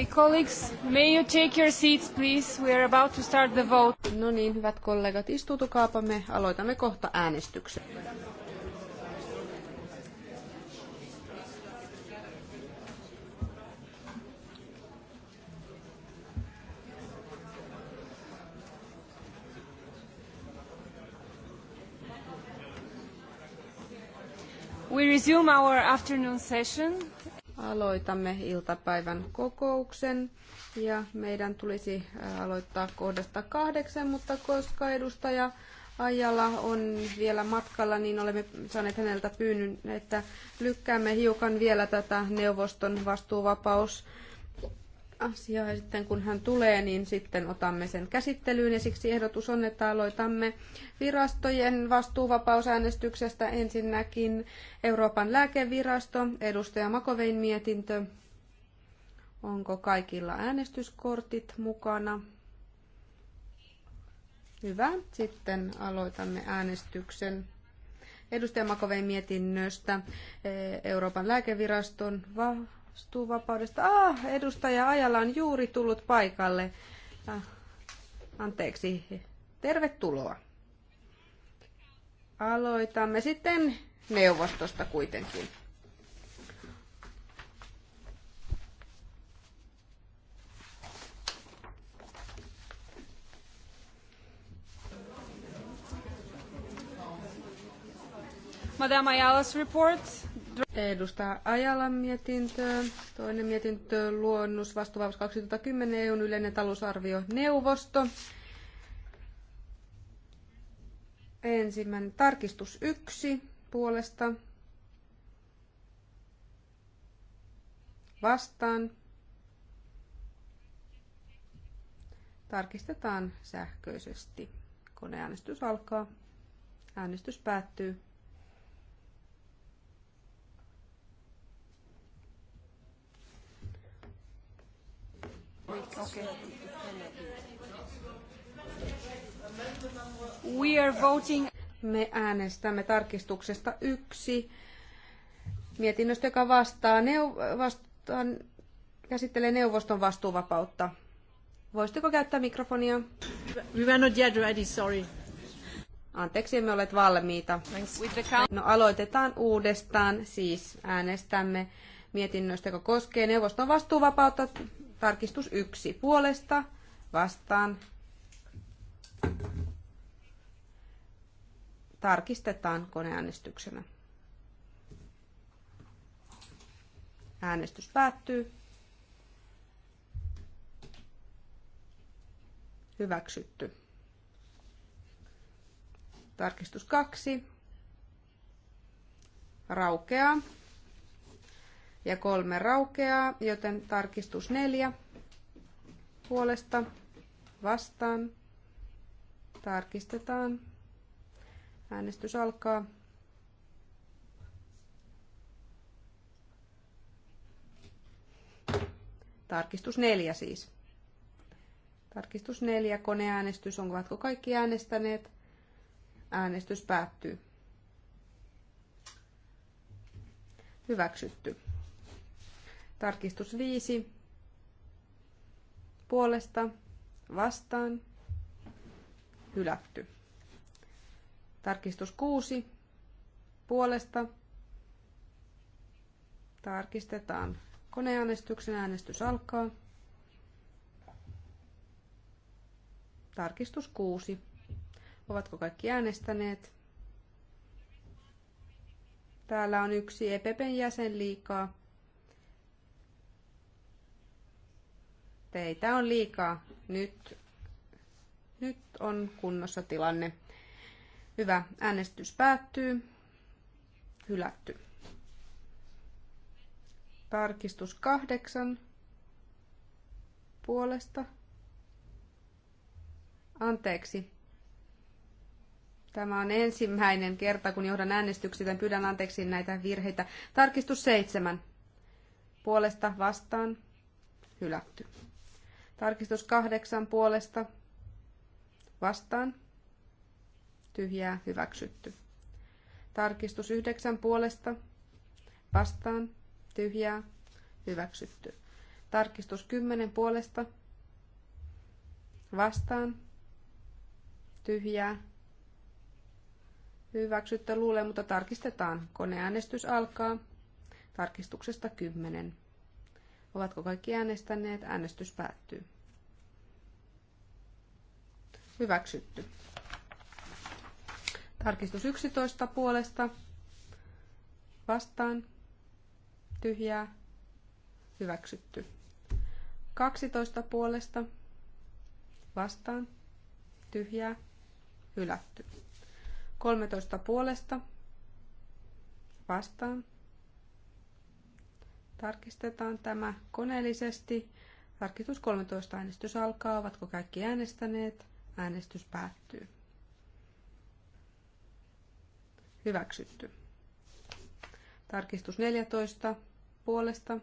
Okay, colleagues, may you take your seats, please? We are about to start the vote. No niin, hyvät kollegat, istuutukaapa me. Aloitamme kohta äänestyksen. We resume our afternoon session. Aloitamme iltapäivän kokouksen ja meidän tulisi aloittaa kohdasta kahdeksan, mutta koska edustaja Ajala on vielä matkalla, niin olemme saaneet häneltä pyynnyn, että lykkäämme hiukan vielä tätä neuvoston vastuuvapaus asiaa ja sitten kun hän tulee, niin sitten otamme sen käsittelyyn ja siksi ehdotus on, että aloitamme virastojen vastuuvapausäänestyksestä ensinnäkin Euroopan lääkevirasto, edustaja Makovein mietintö. Onko kaikilla äänestyskortit mukana? Hyvä. Sitten aloitamme äänestyksen edustaja Makovein mietinnöstä Euroopan lääkeviraston va- vastuuvapaudesta. Ah, edustaja Ajala on juuri tullut paikalle. Ah, anteeksi. Tervetuloa. Aloitamme sitten neuvostosta kuitenkin. Madame Ayala's report Edustaa Ajalan mietintöön. Toinen mietintö luonnos vastuvaus 2010 EUn yleinen talousarvio neuvosto. Ensimmäinen tarkistus yksi puolesta. Vastaan. Tarkistetaan sähköisesti. Koneäänestys alkaa. Äänestys päättyy. Okay. We are voting. Me äänestämme tarkistuksesta yksi. Mietinnöstä, joka vastaa, neu- vastaan, käsittelee neuvoston vastuuvapautta. Voisitteko käyttää mikrofonia? We were not yet ready, sorry. Anteeksi, emme ole valmiita. No aloitetaan uudestaan, siis äänestämme mietinnöstä, joka koskee neuvoston vastuuvapautta Tarkistus yksi puolesta vastaan. Tarkistetaan koneäänestyksenä. Äänestys päättyy. Hyväksytty. Tarkistus kaksi. Raukeaa ja kolme raukeaa, joten tarkistus neljä puolesta vastaan. Tarkistetaan. Äänestys alkaa. Tarkistus neljä siis. Tarkistus neljä, koneäänestys. Ovatko kaikki äänestäneet? Äänestys päättyy. Hyväksytty. Tarkistus 5. Puolesta vastaan hylätty. Tarkistus 6. Puolesta tarkistetaan. Koneäänestyksen äänestys alkaa. Tarkistus 6. Ovatko kaikki äänestäneet? Täällä on yksi EPPn jäsen liikaa. Teitä on liikaa. Nyt, nyt on kunnossa tilanne. Hyvä. Äänestys päättyy. Hylätty. Tarkistus kahdeksan puolesta. Anteeksi. Tämä on ensimmäinen kerta, kun johdan äänestyksiä, joten pyydän anteeksi näitä virheitä. Tarkistus seitsemän. Puolesta vastaan. Hylätty. Tarkistus kahdeksan puolesta vastaan. Tyhjää hyväksytty. Tarkistus yhdeksän puolesta vastaan. Tyhjää hyväksytty. Tarkistus kymmenen puolesta vastaan. Tyhjää hyväksyttä luulee, mutta tarkistetaan. Koneäänestys alkaa tarkistuksesta kymmenen. Ovatko kaikki äänestäneet? Äänestys päättyy. Hyväksytty. Tarkistus 11 puolesta. Vastaan. Tyhjää. Hyväksytty. 12 puolesta. Vastaan. Tyhjää. Hylätty. 13 puolesta. Vastaan Tarkistetaan tämä koneellisesti. Tarkistus 13 äänestys alkaa. Ovatko kaikki äänestäneet? Äänestys päättyy. Hyväksytty. Tarkistus 14 puolesta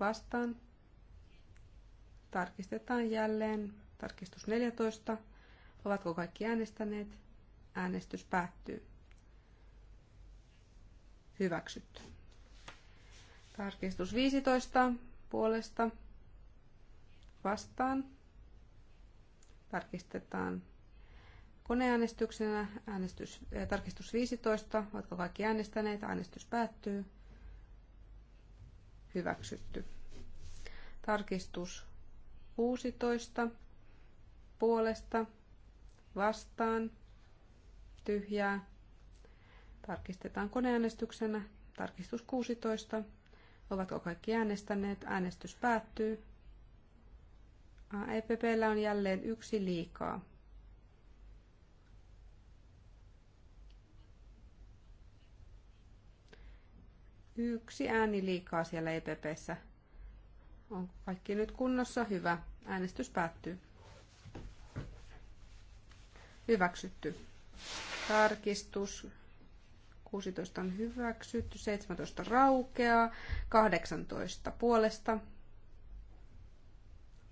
vastaan. Tarkistetaan jälleen. Tarkistus 14. Ovatko kaikki äänestäneet? Äänestys päättyy. Hyväksytty. Tarkistus 15 puolesta vastaan. Tarkistetaan koneäänestyksenä. Äänestys, äh, tarkistus 15. Oletko kaikki äänestäneet? Äänestys päättyy. Hyväksytty. Tarkistus 16. Puolesta. Vastaan. Tyhjää. Tarkistetaan koneäänestyksenä. Tarkistus 16. Ovatko kaikki äänestäneet? Äänestys päättyy. EPPllä on jälleen yksi liikaa. Yksi ääni liikaa siellä EPPssä. On kaikki nyt kunnossa? Hyvä. Äänestys päättyy. Hyväksytty. Tarkistus 16 on hyväksytty, 17 raukeaa, 18 puolesta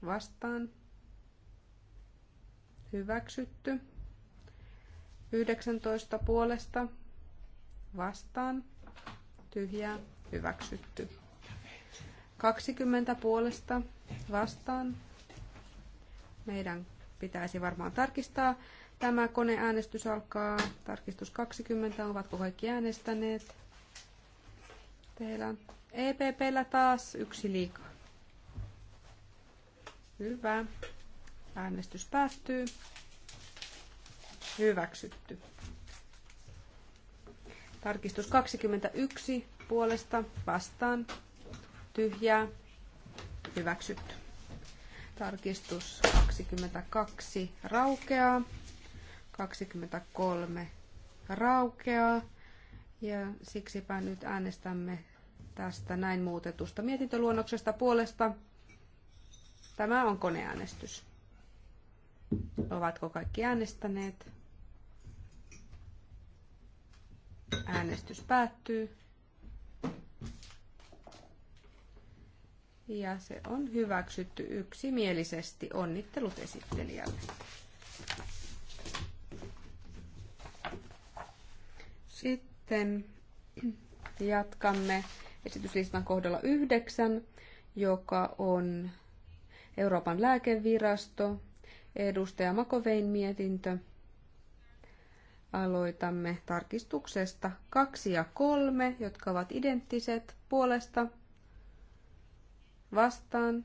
vastaan hyväksytty, 19 puolesta vastaan tyhjää hyväksytty, 20 puolesta vastaan meidän pitäisi varmaan tarkistaa Tämä koneäänestys alkaa. Tarkistus 20. Ovatko kaikki äänestäneet? Teillä on EPPllä taas yksi liikaa. Hyvä. Äänestys päättyy. Hyväksytty. Tarkistus 21 puolesta vastaan. Tyhjää. Hyväksytty. Tarkistus 22 raukeaa. 23 raukeaa ja siksipä nyt äänestämme tästä näin muutetusta mietintöluonnoksesta puolesta. Tämä on koneäänestys. Ovatko kaikki äänestäneet? Äänestys päättyy. Ja se on hyväksytty yksimielisesti. Onnittelut esittelijälle. Sitten jatkamme esityslistan kohdalla yhdeksän, joka on Euroopan lääkevirasto, edustaja Makovein mietintö. Aloitamme tarkistuksesta kaksi ja kolme, jotka ovat identtiset puolesta vastaan,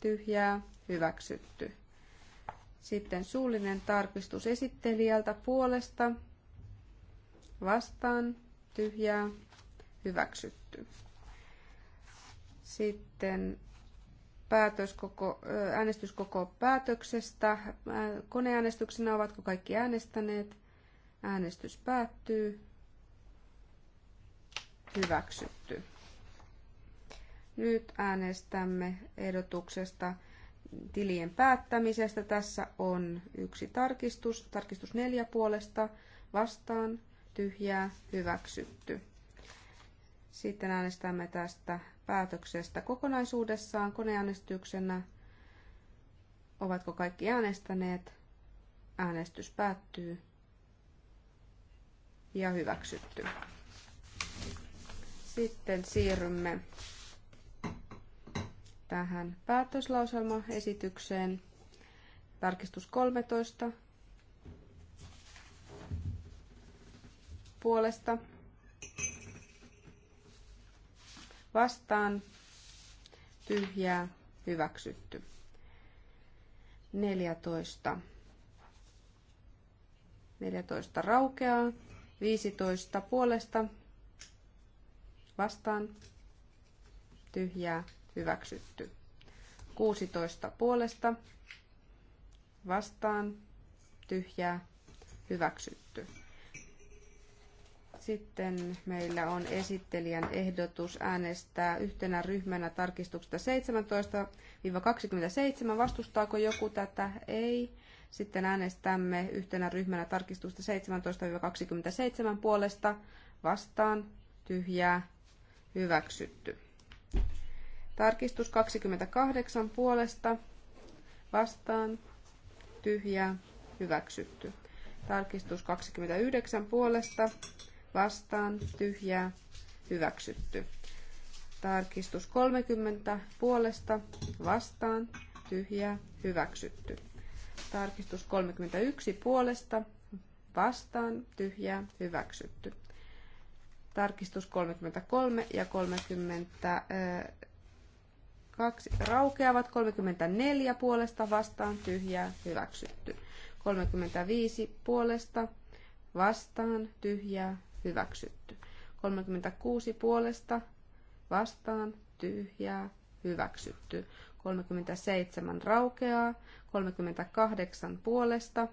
tyhjää, hyväksytty. Sitten suullinen tarkistus esittelijältä puolesta vastaan, tyhjää, hyväksytty. Sitten päätöskoko äänestyskoko päätöksestä. Koneäänestyksenä ovatko kaikki äänestäneet? Äänestys päättyy. Hyväksytty. Nyt äänestämme ehdotuksesta tilien päättämisestä. Tässä on yksi tarkistus. Tarkistus neljä puolesta vastaan tyhjää, hyväksytty. Sitten äänestämme tästä päätöksestä kokonaisuudessaan koneäänestyksenä. Ovatko kaikki äänestäneet? Äänestys päättyy. Ja hyväksytty. Sitten siirrymme tähän päätöslauselmaesitykseen. Tarkistus 13 puolesta vastaan tyhjää hyväksytty. 14. 14 raukeaa. 15 puolesta vastaan tyhjää hyväksytty. 16 puolesta vastaan tyhjää hyväksytty. Sitten meillä on esittelijän ehdotus äänestää yhtenä ryhmänä tarkistuksesta 17-27. Vastustaako joku tätä? Ei. Sitten äänestämme yhtenä ryhmänä tarkistusta 17-27 puolesta vastaan tyhjää hyväksytty. Tarkistus 28 puolesta vastaan tyhjää hyväksytty. Tarkistus 29 puolesta vastaan, tyhjää, hyväksytty. Tarkistus 30 puolesta vastaan, tyhjää, hyväksytty. Tarkistus 31 puolesta vastaan, tyhjää, hyväksytty. Tarkistus 33 ja kaksi raukeavat, 34 puolesta vastaan, tyhjää, hyväksytty. 35 puolesta vastaan, tyhjää, hyväksytty. 36 puolesta vastaan tyhjää hyväksytty. 37 raukeaa, 38 puolesta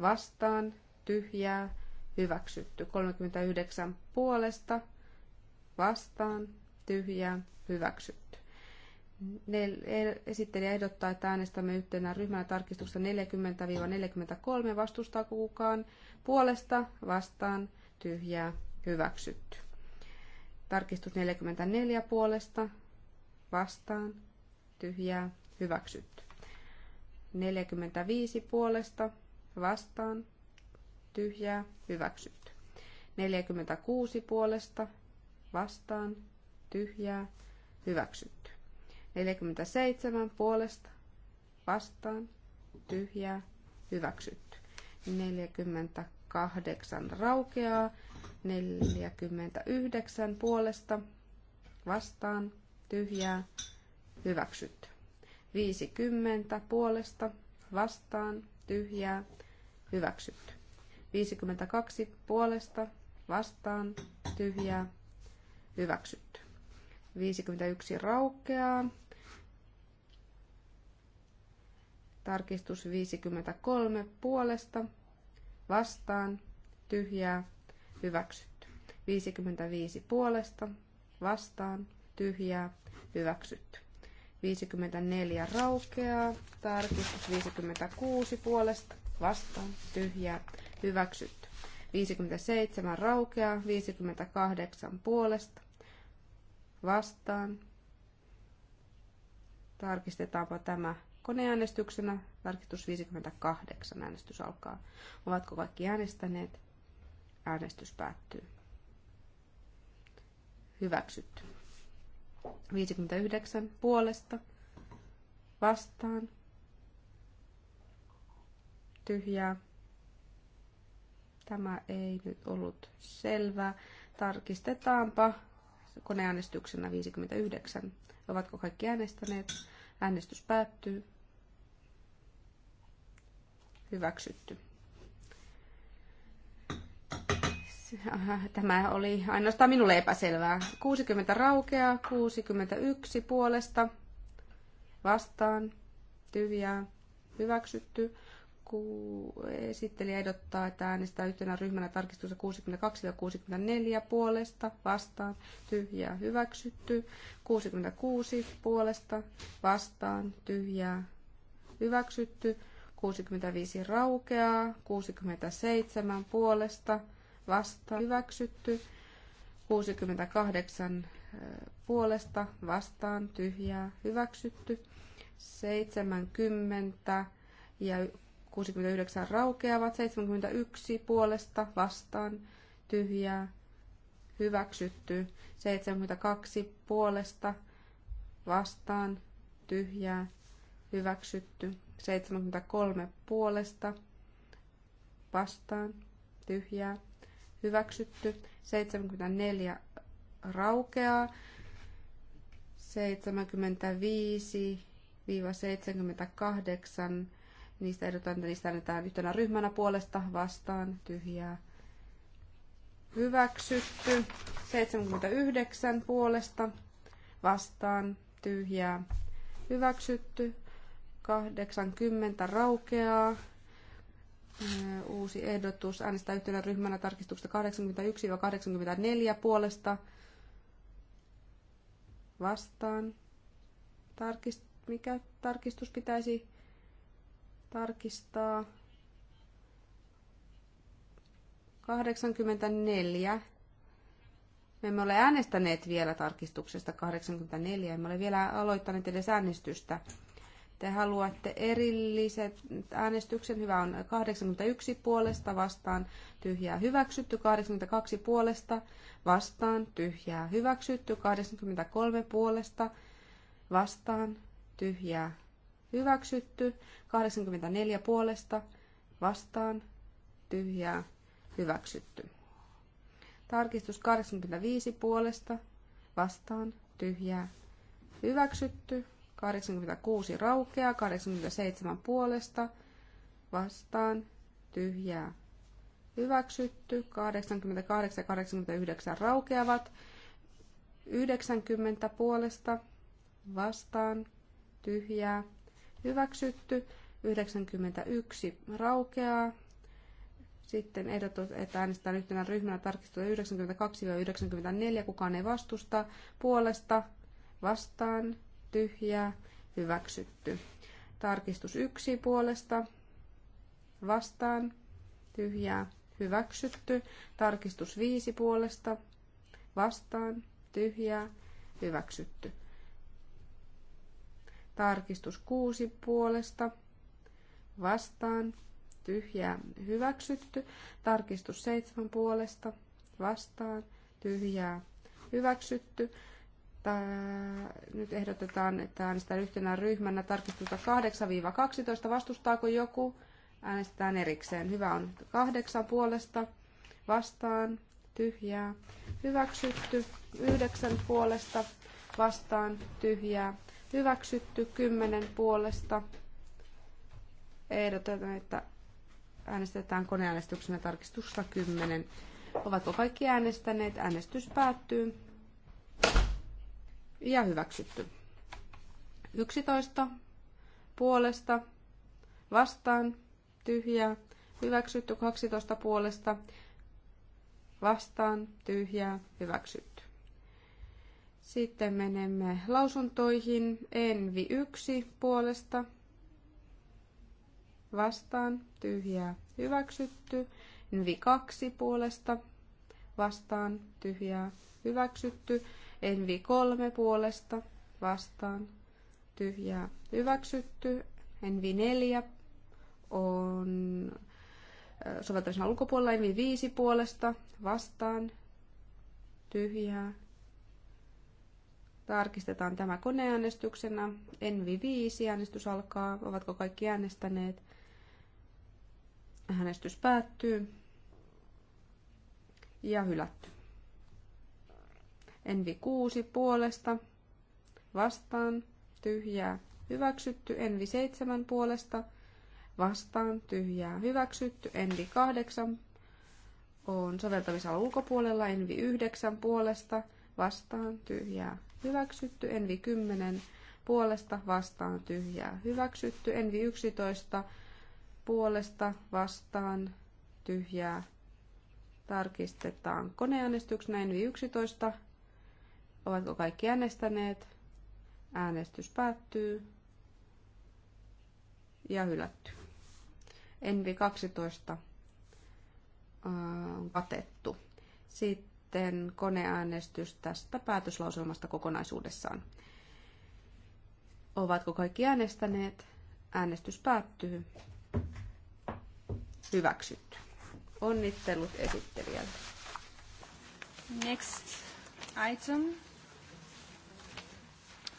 vastaan tyhjää hyväksytty. 39 puolesta vastaan tyhjää hyväksytty. Esittelijä ehdottaa, että äänestämme yhtenä ryhmänä tarkistuksessa 40-43. vastustaa kukaan? Puolesta vastaan tyhjää, hyväksytty. Tarkistus 44 puolesta, vastaan, tyhjää, hyväksytty. 45 puolesta, vastaan, tyhjää, hyväksytty. 46 puolesta, vastaan, tyhjää, hyväksytty. 47 puolesta, vastaan, tyhjää, hyväksytty. 48 kahdeksan raukeaa, 49 puolesta vastaan tyhjää hyväksytty. 50 puolesta vastaan tyhjää hyväksytty. 52 puolesta vastaan tyhjää hyväksytty. 51 raukeaa. Tarkistus 53 puolesta vastaan, tyhjää, hyväksytty. 55 puolesta, vastaan, tyhjää, hyväksytty. 54 raukeaa, tarkistus 56 puolesta, vastaan, tyhjää, hyväksytty. 57 raukeaa, 58 puolesta, vastaan. Tarkistetaanpa tämä koneäänestyksenä. Tarkistus 58. Äänestys alkaa. Ovatko kaikki äänestäneet? Äänestys päättyy. Hyväksytty. 59 puolesta vastaan tyhjää. Tämä ei nyt ollut selvää. Tarkistetaanpa koneäänestyksenä 59. Ovatko kaikki äänestäneet? Äänestys päättyy hyväksytty. Tämä oli ainoastaan minulle epäselvää. 60 raukeaa, 61 puolesta, vastaan, tyhjää, hyväksytty. Esittelijä ehdottaa, että äänestää yhtenä ryhmänä tarkistus 62 ja 64 puolesta, vastaan, tyhjää, hyväksytty. 66 puolesta, vastaan, tyhjää, hyväksytty. 65 raukeaa, 67 puolesta vasta hyväksytty, 68 puolesta vastaan tyhjää hyväksytty, 70 ja 69 raukeavat, 71 puolesta vastaan tyhjää hyväksytty, 72 puolesta vastaan tyhjää hyväksytty. 73 puolesta vastaan, tyhjää, hyväksytty. 74 raukeaa. 75-78, niistä ehdotan, että niistä annetaan yhtenä ryhmänä puolesta vastaan, tyhjää, hyväksytty. 79 puolesta vastaan, tyhjää, hyväksytty. 80 raukeaa. Uusi ehdotus äänestää yhtenä ryhmänä tarkistuksesta 81-84 puolesta vastaan. Tarkist, mikä tarkistus pitäisi tarkistaa? 84. Me emme ole äänestäneet vielä tarkistuksesta 84, emme ole vielä aloittaneet edes äänestystä te haluatte erilliset äänestyksen. Hyvä on 81 puolesta vastaan tyhjää hyväksytty, 82 puolesta vastaan tyhjää hyväksytty, 83 puolesta vastaan tyhjää hyväksytty, 84 puolesta vastaan tyhjää hyväksytty. Tarkistus 85 puolesta vastaan tyhjää hyväksytty, 86 raukeaa, 87 puolesta vastaan tyhjää hyväksytty, 88 ja 89 raukeavat, 90 puolesta vastaan tyhjää hyväksytty, 91 raukeaa, sitten ehdotus, että äänestetään yhtenä ryhmänä tarkistuja 92-94, kukaan ei vastusta, puolesta, vastaan, tyhjää, hyväksytty. Tarkistus yksi puolesta, vastaan, tyhjää, hyväksytty. Tarkistus viisi puolesta, vastaan, tyhjää, hyväksytty. Tarkistus kuusi puolesta, vastaan, tyhjää, hyväksytty. Tarkistus seitsemän puolesta, vastaan, tyhjää, hyväksytty. Äh, nyt ehdotetaan, että äänestetään yhtenä ryhmänä tarkistusta 8-12. Vastustaako joku? Äänestetään erikseen. Hyvä on kahdeksan puolesta. Vastaan. Tyhjää. Hyväksytty. Yhdeksän puolesta. Vastaan. Tyhjää. Hyväksytty. Kymmenen puolesta. Ehdotetaan, että äänestetään koneäänestyksenä tarkistusta 10. Ovatko kaikki äänestäneet? Äänestys päättyy ja hyväksytty. 11 puolesta vastaan tyhjä hyväksytty 12 puolesta vastaan tyhjä hyväksytty. Sitten menemme lausuntoihin. Envi 1 puolesta vastaan tyhjä hyväksytty. Envi 2 puolesta vastaan tyhjä hyväksytty. Envi 3 puolesta vastaan tyhjää hyväksytty. Envi 4 on soveltamisen ulkopuolella. Envi 5 puolesta vastaan tyhjää. Tarkistetaan tämä koneäänestyksenä. Envi 5 äänestys alkaa. Ovatko kaikki äänestäneet? Äänestys päättyy ja hylätty. Envi 6 puolesta vastaan tyhjää hyväksytty. Envi 7 puolesta vastaan tyhjää hyväksytty. Envi 8 on soveltamisalan ulkopuolella. Envi 9 puolesta vastaan tyhjää hyväksytty. Envi 10 puolesta vastaan tyhjää hyväksytty. Envi 11 puolesta vastaan tyhjää tarkistetaan koneäänestyksenä Envi 11 Ovatko kaikki äänestäneet? Äänestys päättyy. Ja hylätty. Envi 12 on katettu. Sitten koneäänestys tästä päätöslauselmasta kokonaisuudessaan. Ovatko kaikki äänestäneet? Äänestys päättyy. Hyväksytty. Onnittelut esittelijälle. Next item.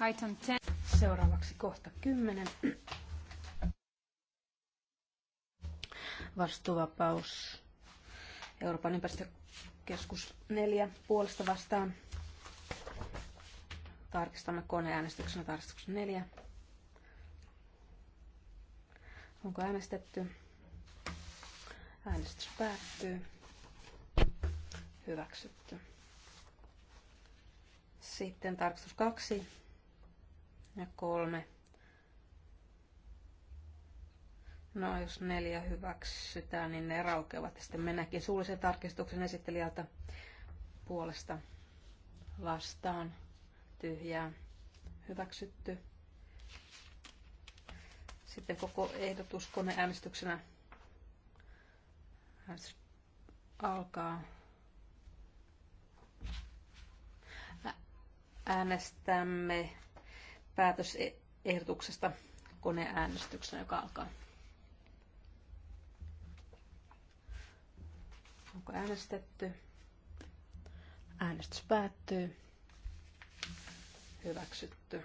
Item 10. Seuraavaksi kohta 10. Vastuuvapaus. Euroopan ympäristökeskus 4 puolesta vastaan. Tarkistamme koneäänestyksenä tarkistuksen 4. Onko äänestetty? Äänestys päättyy. Hyväksytty. Sitten tarkistus 2 ja kolme. No, jos neljä hyväksytään, niin ne raukeavat. Ja sitten mennäänkin suullisen tarkistuksen esittelijältä puolesta vastaan. Tyhjää. Hyväksytty. Sitten koko ehdotus koneäänestyksenä Äänestys alkaa. Äänestämme päätösehdotuksesta koneäänestyksenä, joka alkaa. Onko äänestetty? Äänestys päättyy. Hyväksytty.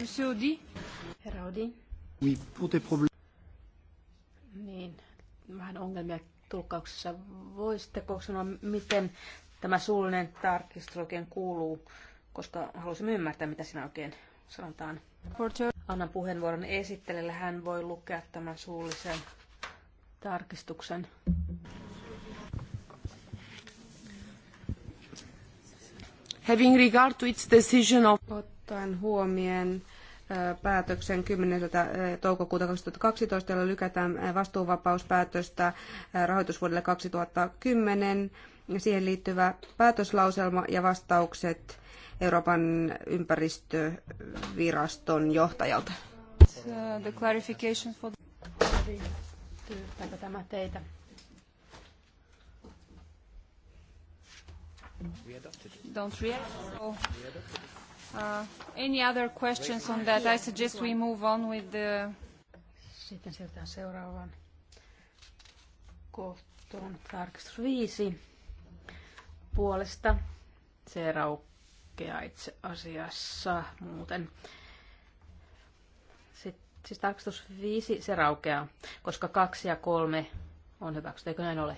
Monsieur Audi. Herra Audi. Oui, pour des problèmes. Niin, vähän ongelmia tulkkauksessa. Voisitteko sanoa, miten Tämä suullinen tarkistus oikein kuuluu, koska haluaisimme ymmärtää, mitä siinä oikein sanotaan. Annan puheenvuoron esittelijälle. Hän voi lukea tämän suullisen tarkistuksen. Having regard to its decision of... Ottaen huomioon päätöksen 10. toukokuuta 2012, jolla lykätään vastuuvapauspäätöstä rahoitusvuodelle 2010, siihen liittyvä päätöslauselma ja vastaukset Euroopan ympäristöviraston johtajalta. The clarification for the... tämä teitä? Don't react. So, uh, any other questions on that? I suggest we move on with the... Sitten siirrytään seuraavaan kohtaan. Tarkistus 5 puolesta. Se raukeaa itse asiassa muuten. Sitten, siis tarkastus 5, se raukeaa, koska 2 ja 3 on hyväksytty. Eikö näin ole?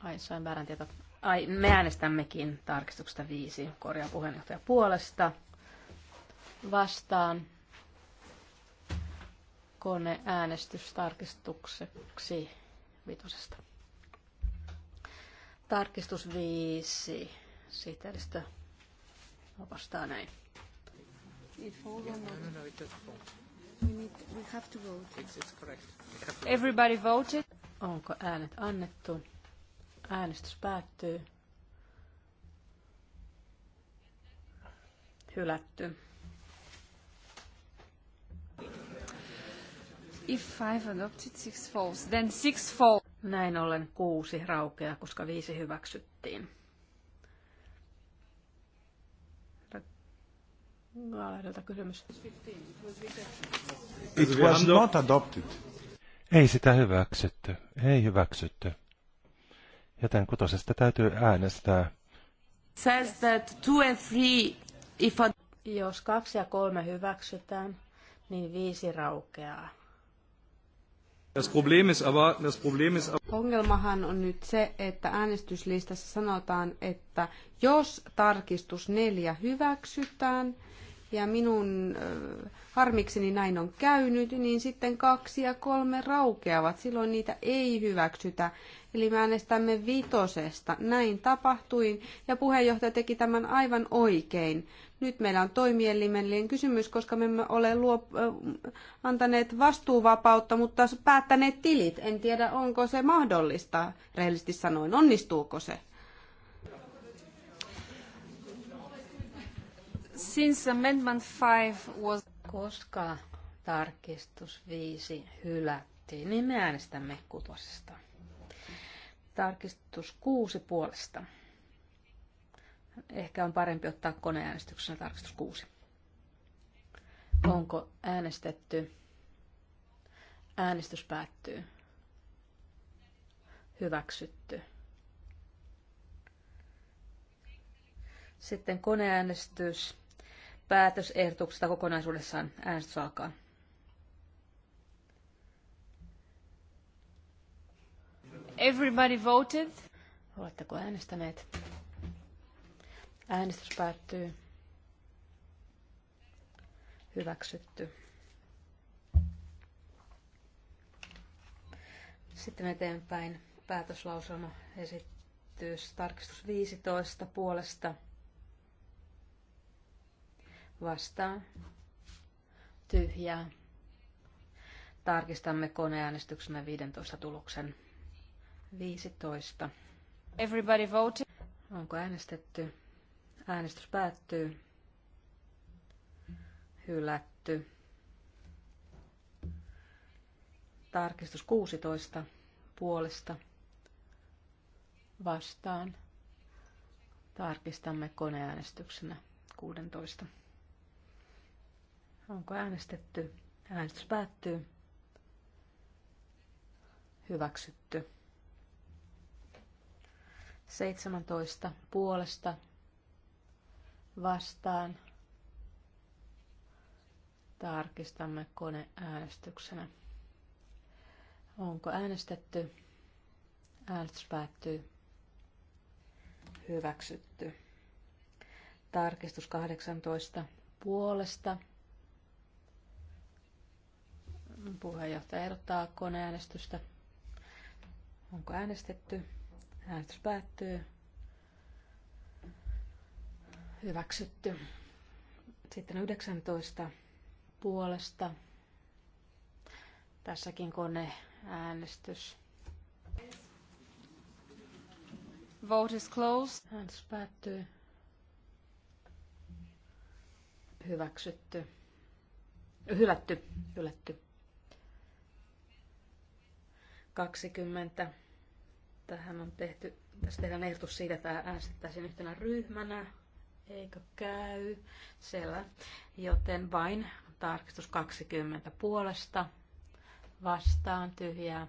Ai, sain väärän tieto. Ai, me äänestämmekin tarkistuksesta 5 korjaa puheenjohtaja puolesta. Vastaan koneäänestystarkistukseksi vitosesta. Tarkistus 5. Sihteeristö opastaa näin. Everybody voted. Onko äänet annettu? Äänestys päättyy. Hylätty. If five adopted, six falls. Then six falls. Näin ollen kuusi raukeaa, koska viisi hyväksyttiin. It was not adopted. Ei sitä hyväksytty. Ei hyväksytty. Joten kutosesta täytyy äänestää. Says that two and three, if a... Jos kaksi ja kolme hyväksytään, niin viisi raukeaa. Ongelmahan on nyt se, että äänestyslistassa sanotaan, että jos tarkistus neljä hyväksytään, ja minun äh, harmikseni näin on käynyt, niin sitten kaksi ja kolme raukeavat. Silloin niitä ei hyväksytä. Eli me äänestämme vitosesta. Näin tapahtui ja puheenjohtaja teki tämän aivan oikein, nyt meillä on toimielimellinen kysymys, koska me emme ole luo, antaneet vastuuvapautta, mutta päättäneet tilit. En tiedä, onko se mahdollista, rehellisesti sanoin. Onnistuuko se? Since Amendment 5 was... Koska tarkistus 5 hylättiin, niin me äänestämme kutosesta. Tarkistus 6 puolesta Ehkä on parempi ottaa koneäänestyksenä tarkistus 6. Onko äänestetty? Äänestys päättyy. Hyväksytty. Sitten koneäänestys. Päätösehdotuksesta kokonaisuudessaan äänestys alkaa. Everybody voted. Oletteko äänestäneet? Äänestys päättyy. Hyväksytty. Sitten eteenpäin päätöslausuma esittyy tarkistus 15 puolesta vastaan tyhjää. Tarkistamme koneäänestyksemme 15 tuloksen 15. Everybody voted. Onko äänestetty? Äänestys päättyy. Hylätty. Tarkistus 16 puolesta vastaan. Tarkistamme koneäänestyksenä 16. Onko äänestetty? Äänestys päättyy. Hyväksytty. 17 puolesta vastaan. Tarkistamme koneäänestyksenä. Onko äänestetty? Äänestys päättyy. Hyväksytty. Tarkistus 18 puolesta. Puheenjohtaja ehdottaa koneäänestystä. Onko äänestetty? Äänestys päättyy hyväksytty. Sitten 19 puolesta. Tässäkin kone äänestys. Vote is closed. Äänestys päättyy. Hyväksytty. Hylätty. Hylätty. 20. Tähän on tehty, tässä tehdään ehdotus siitä, että äänestettäisiin yhtenä ryhmänä. Eikö käy? Selvä. Joten vain tarkistus 20 puolesta vastaan tyhjää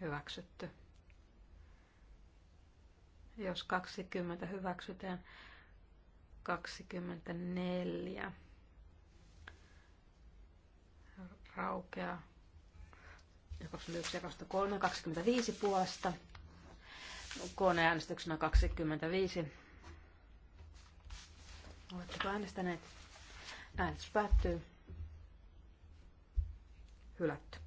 hyväksytty. Jos 20 hyväksytään, 24 raukeaa. yksi ja 23, 25 puolesta. Koneäänestyksenä 25 Oletteko äänestäneet? Äänestys päättyy. Hylätty.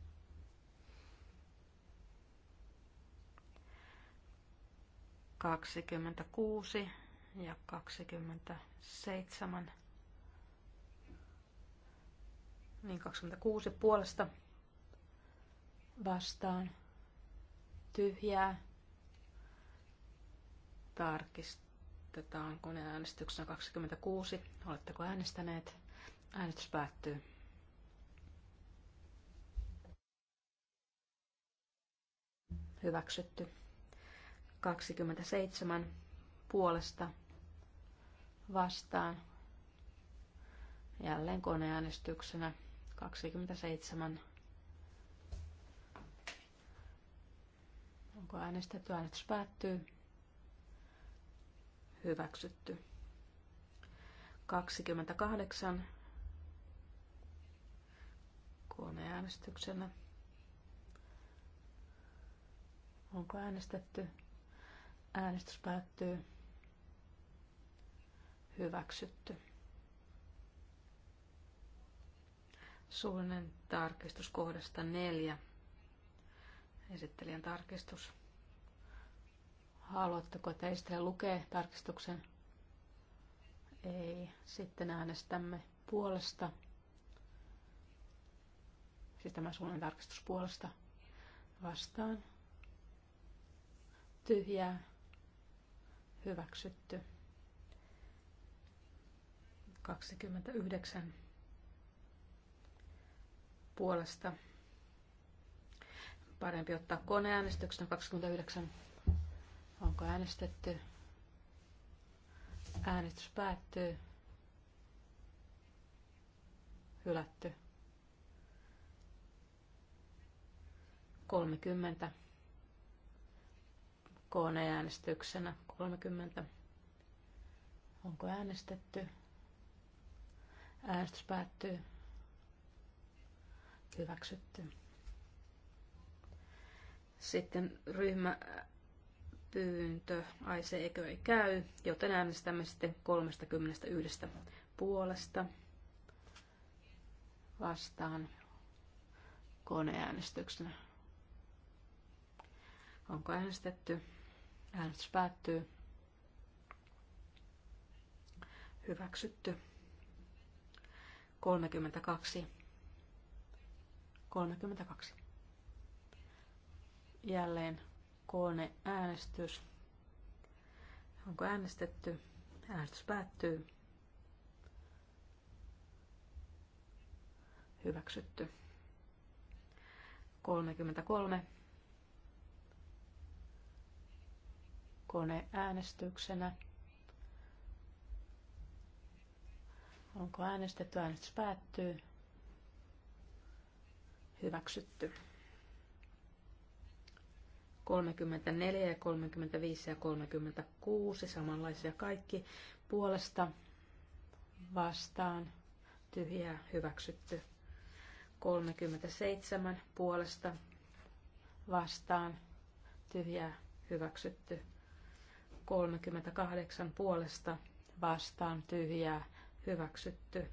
Kaksikymmentä kuusi ja kaksikymmentä seitsemän. Niin kaksikymmentä kuusi puolesta vastaan tyhjää tarkistaa Aloitetaan koneäänestyksenä 26. Oletteko äänestäneet? Äänestys päättyy. Hyväksytty. 27 puolesta vastaan. Jälleen koneäänestyksenä 27. Onko äänestetty? Äänestys päättyy hyväksytty. 28 koneäänestyksenä. Onko äänestetty? Äänestys päättyy. Hyväksytty. Suullinen tarkistus kohdasta 4. Esittelijän tarkistus. Haluatteko teistä lukea tarkistuksen? Ei. Sitten äänestämme puolesta. Siis tämä suunnan tarkistus puolesta. Vastaan. Tyhjää. Hyväksytty. 29 puolesta. Parempi ottaa koneäänestyksen 29 Onko äänestetty? Äänestys päättyy. Hylätty. 30. Koneäänestyksenä 30. Onko äänestetty? Äänestys päättyy. Hyväksytty. Sitten ryhmä pyyntö, ai se eikö ei käy, joten äänestämme sitten 31 puolesta vastaan koneäänestyksenä. Onko äänestetty? Äänestys päättyy. Hyväksytty. 32. 32. Jälleen koneäänestys. Onko äänestetty? Äänestys päättyy. Hyväksytty. 33. äänestyksenä. Onko äänestetty? Äänestys päättyy. Hyväksytty. 34 ja 35 ja 36, samanlaisia kaikki puolesta vastaan, tyhjää hyväksytty. 37 puolesta vastaan, tyhjää hyväksytty. 38 puolesta vastaan, tyhjää hyväksytty.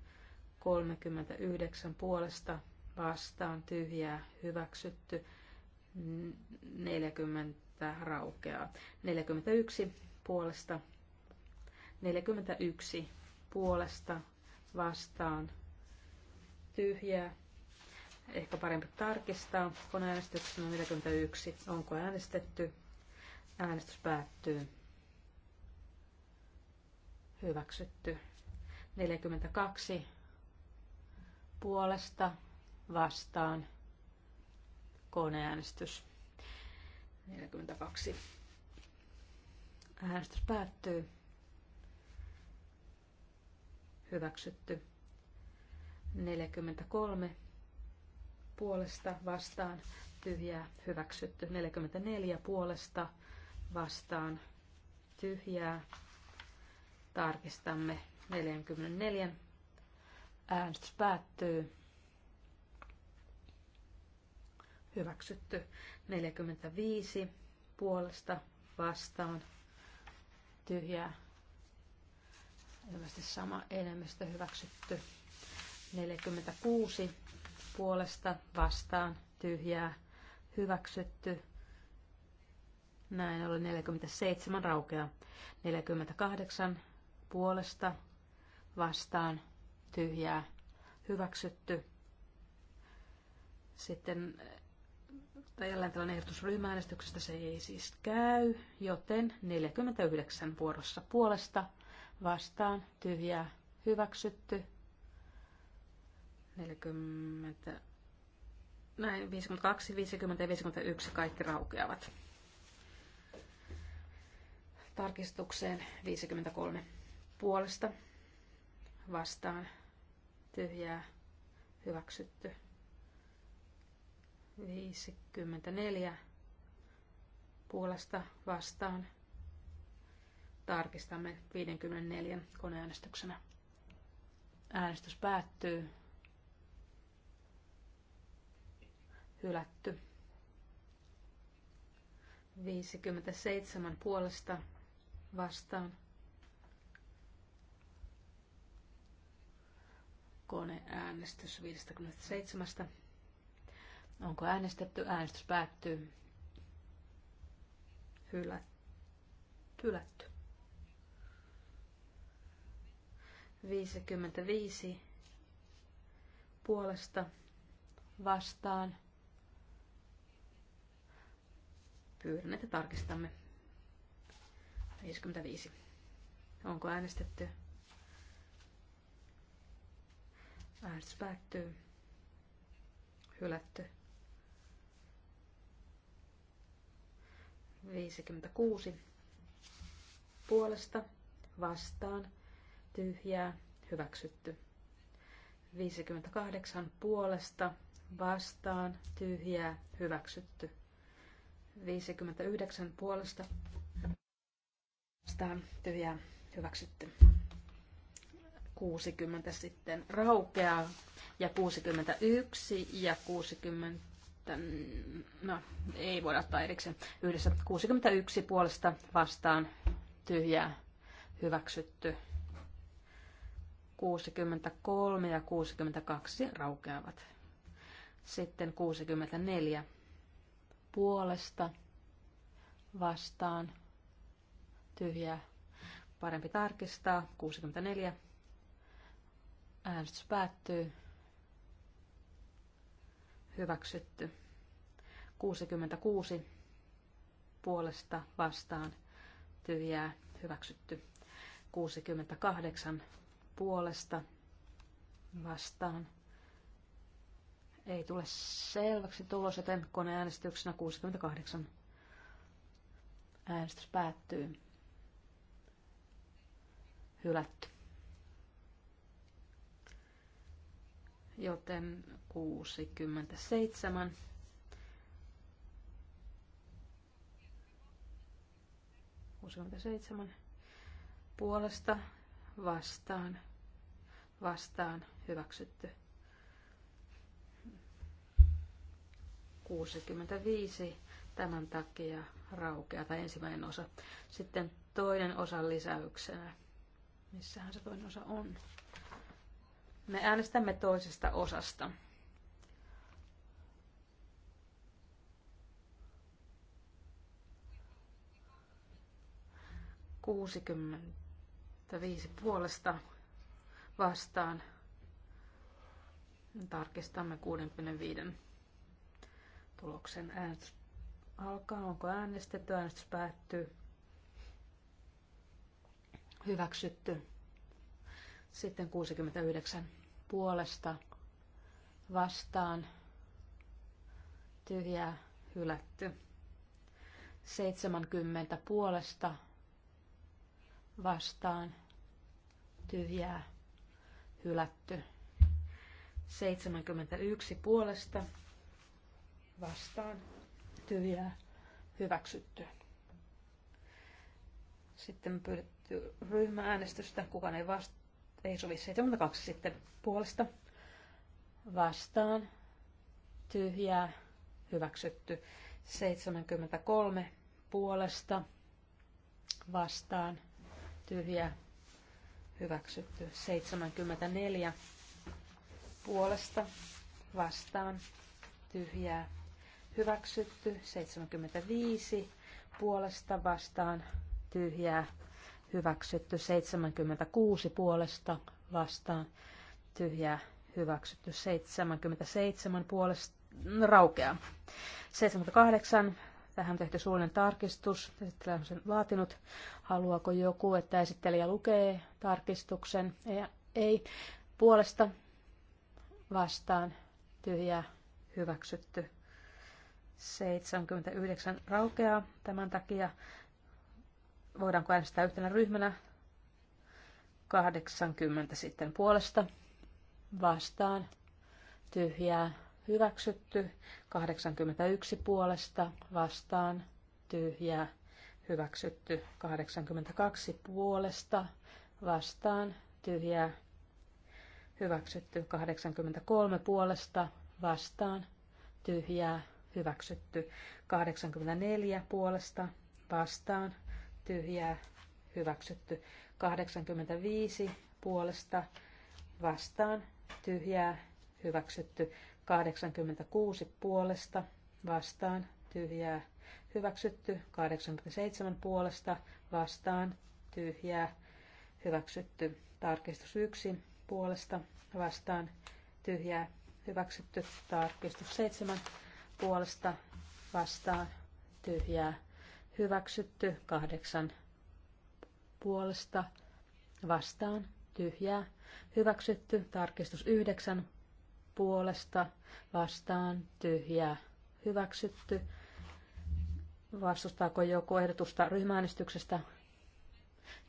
39 puolesta vastaan, tyhjää hyväksytty. 40 raukeaa. 41 puolesta, 41 puolesta vastaan tyhjää. Ehkä parempi tarkistaa koneäänestyksenä 41. Onko äänestetty? Äänestys päättyy. Hyväksytty. 42 puolesta vastaan koneäänestys. 42. Äänestys päättyy. Hyväksytty. 43 puolesta vastaan tyhjää hyväksytty. 44 puolesta vastaan tyhjää. Tarkistamme 44. Äänestys päättyy. hyväksytty 45 puolesta vastaan tyhjää. Ilmeisesti sama enemmistö hyväksytty 46 puolesta vastaan tyhjää hyväksytty. Näin oli 47 raukea. 48 puolesta vastaan tyhjää hyväksytty. Sitten tai jälleen tällainen ehdotus ryhmäänestyksestä, se ei siis käy, joten 49 vuorossa puolesta vastaan tyhjää hyväksytty. 40, näin 52, 50 ja 51 kaikki raukeavat. Tarkistukseen 53 puolesta vastaan tyhjää hyväksytty. 54 puolesta vastaan. Tarkistamme 54 koneäänestyksenä. Äänestys päättyy. Hylätty. 57 puolesta vastaan. Koneäänestys 57. Onko äänestetty? Äänestys päättyy. Hylät. Hylätty. 55 puolesta vastaan. Pyydän, että tarkistamme. 55. Onko äänestetty? Äänestys päättyy. Hylätty. 56 puolesta vastaan tyhjää hyväksytty. 58 puolesta vastaan tyhjää hyväksytty. 59 puolesta vastaan tyhjää hyväksytty. 60 sitten raukeaa ja 61 ja 60 että mm, no, ei voida ottaa erikseen yhdessä. 61 puolesta vastaan tyhjää hyväksytty. 63 ja 62 raukeavat. Sitten 64 puolesta vastaan tyhjää. Parempi tarkistaa. 64. Äänestys päättyy hyväksytty. 66 puolesta vastaan tyhjää hyväksytty. 68 puolesta vastaan. Ei tule selväksi tulos, joten koneäänestyksenä 68 äänestys päättyy. Hylätty. joten 67. seitsemän puolesta vastaan vastaan hyväksytty. 65 tämän takia raukea tai ensimmäinen osa. Sitten toinen osa lisäyksenä. Missähän se toinen osa on? Me äänestämme toisesta osasta. viisi puolesta vastaan. Tarkistamme 65 tuloksen äänestys alkaa. Onko äänestetty? Äänestys päättyy. Hyväksytty. Sitten 69 puolesta vastaan tyhjää hylätty. 70 puolesta vastaan tyhjää hylätty. 71 puolesta vastaan tyhjää hyväksytty. Sitten pyydetty ryhmääänestystä, kukaan ei vasta, ei sovi 72 sitten puolesta vastaan, tyhjää, hyväksytty. 73 puolesta vastaan, tyhjää, hyväksytty. 74 puolesta vastaan, tyhjää, hyväksytty. 75 puolesta vastaan, tyhjää, hyväksytty 76 puolesta vastaan, tyhjää hyväksytty 77 puolesta no, raukeaa. 78, tähän on tehty suullinen tarkistus, esittelijä on sen vaatinut. Haluaako joku, että esittelijä lukee tarkistuksen? Ei, ei. puolesta vastaan tyhjää hyväksytty 79 raukeaa tämän takia voidaanko äänestää yhtenä ryhmänä 80 sitten puolesta vastaan tyhjää hyväksytty 81 puolesta vastaan tyhjää hyväksytty 82 puolesta vastaan tyhjää hyväksytty 83 puolesta vastaan tyhjää hyväksytty 84 puolesta vastaan tyhjää hyväksytty. 85 puolesta vastaan tyhjää hyväksytty. 86 puolesta vastaan tyhjää hyväksytty. 87 puolesta vastaan tyhjää hyväksytty. Tarkistus 1 puolesta vastaan tyhjää hyväksytty. Tarkistus 7 puolesta vastaan tyhjää hyväksytty, kahdeksan puolesta vastaan, tyhjää, hyväksytty, tarkistus yhdeksän puolesta vastaan, tyhjää, hyväksytty. Vastustaako joku ehdotusta ryhmäänestyksestä?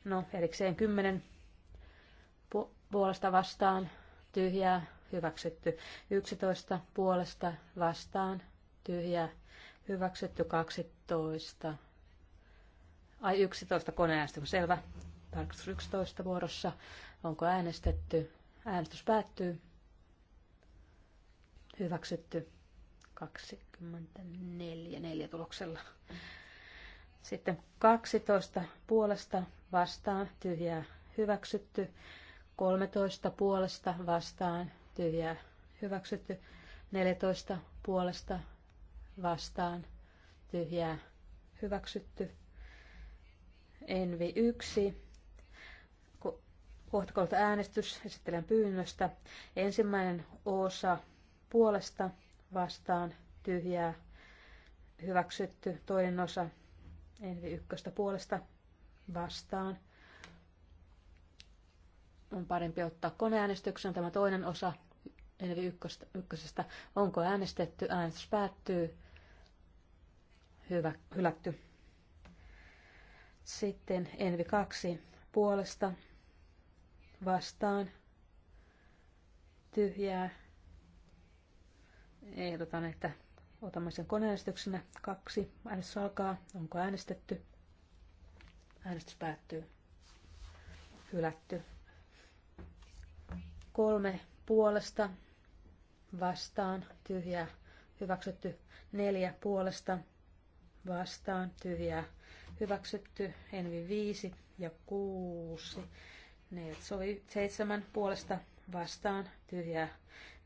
No, erikseen kymmenen puolesta vastaan, tyhjää, hyväksytty. 11 puolesta vastaan, tyhjää, hyväksytty 12 Ai 11 koneäänestys, selvä. Tarkastus 11 vuorossa. Onko äänestetty? Äänestys päättyy. Hyväksytty 24 neljä tuloksella. Sitten 12 puolesta vastaan tyhjää hyväksytty. 13 puolesta vastaan tyhjää hyväksytty. 14 puolesta vastaan tyhjää hyväksytty. Envi 1, kohtakohdalta äänestys esittelen pyynnöstä. Ensimmäinen osa puolesta vastaan tyhjää hyväksytty. Toinen osa Envi 1 puolesta vastaan. On parempi ottaa koneäänestyksen tämä toinen osa Envi 1. Onko äänestetty? Äänestys päättyy. Hyvä, hylätty. Sitten Envi 2 puolesta vastaan tyhjää. Ehdotan, että otamme sen koneäänestyksenä. Kaksi. Äänestys alkaa. Onko äänestetty? Äänestys päättyy. Hylätty. Kolme puolesta vastaan tyhjää. Hyväksytty. Neljä puolesta vastaan tyhjää hyväksytty, Envi 5 ja 6, ne sovi 7 puolesta vastaan, tyhjää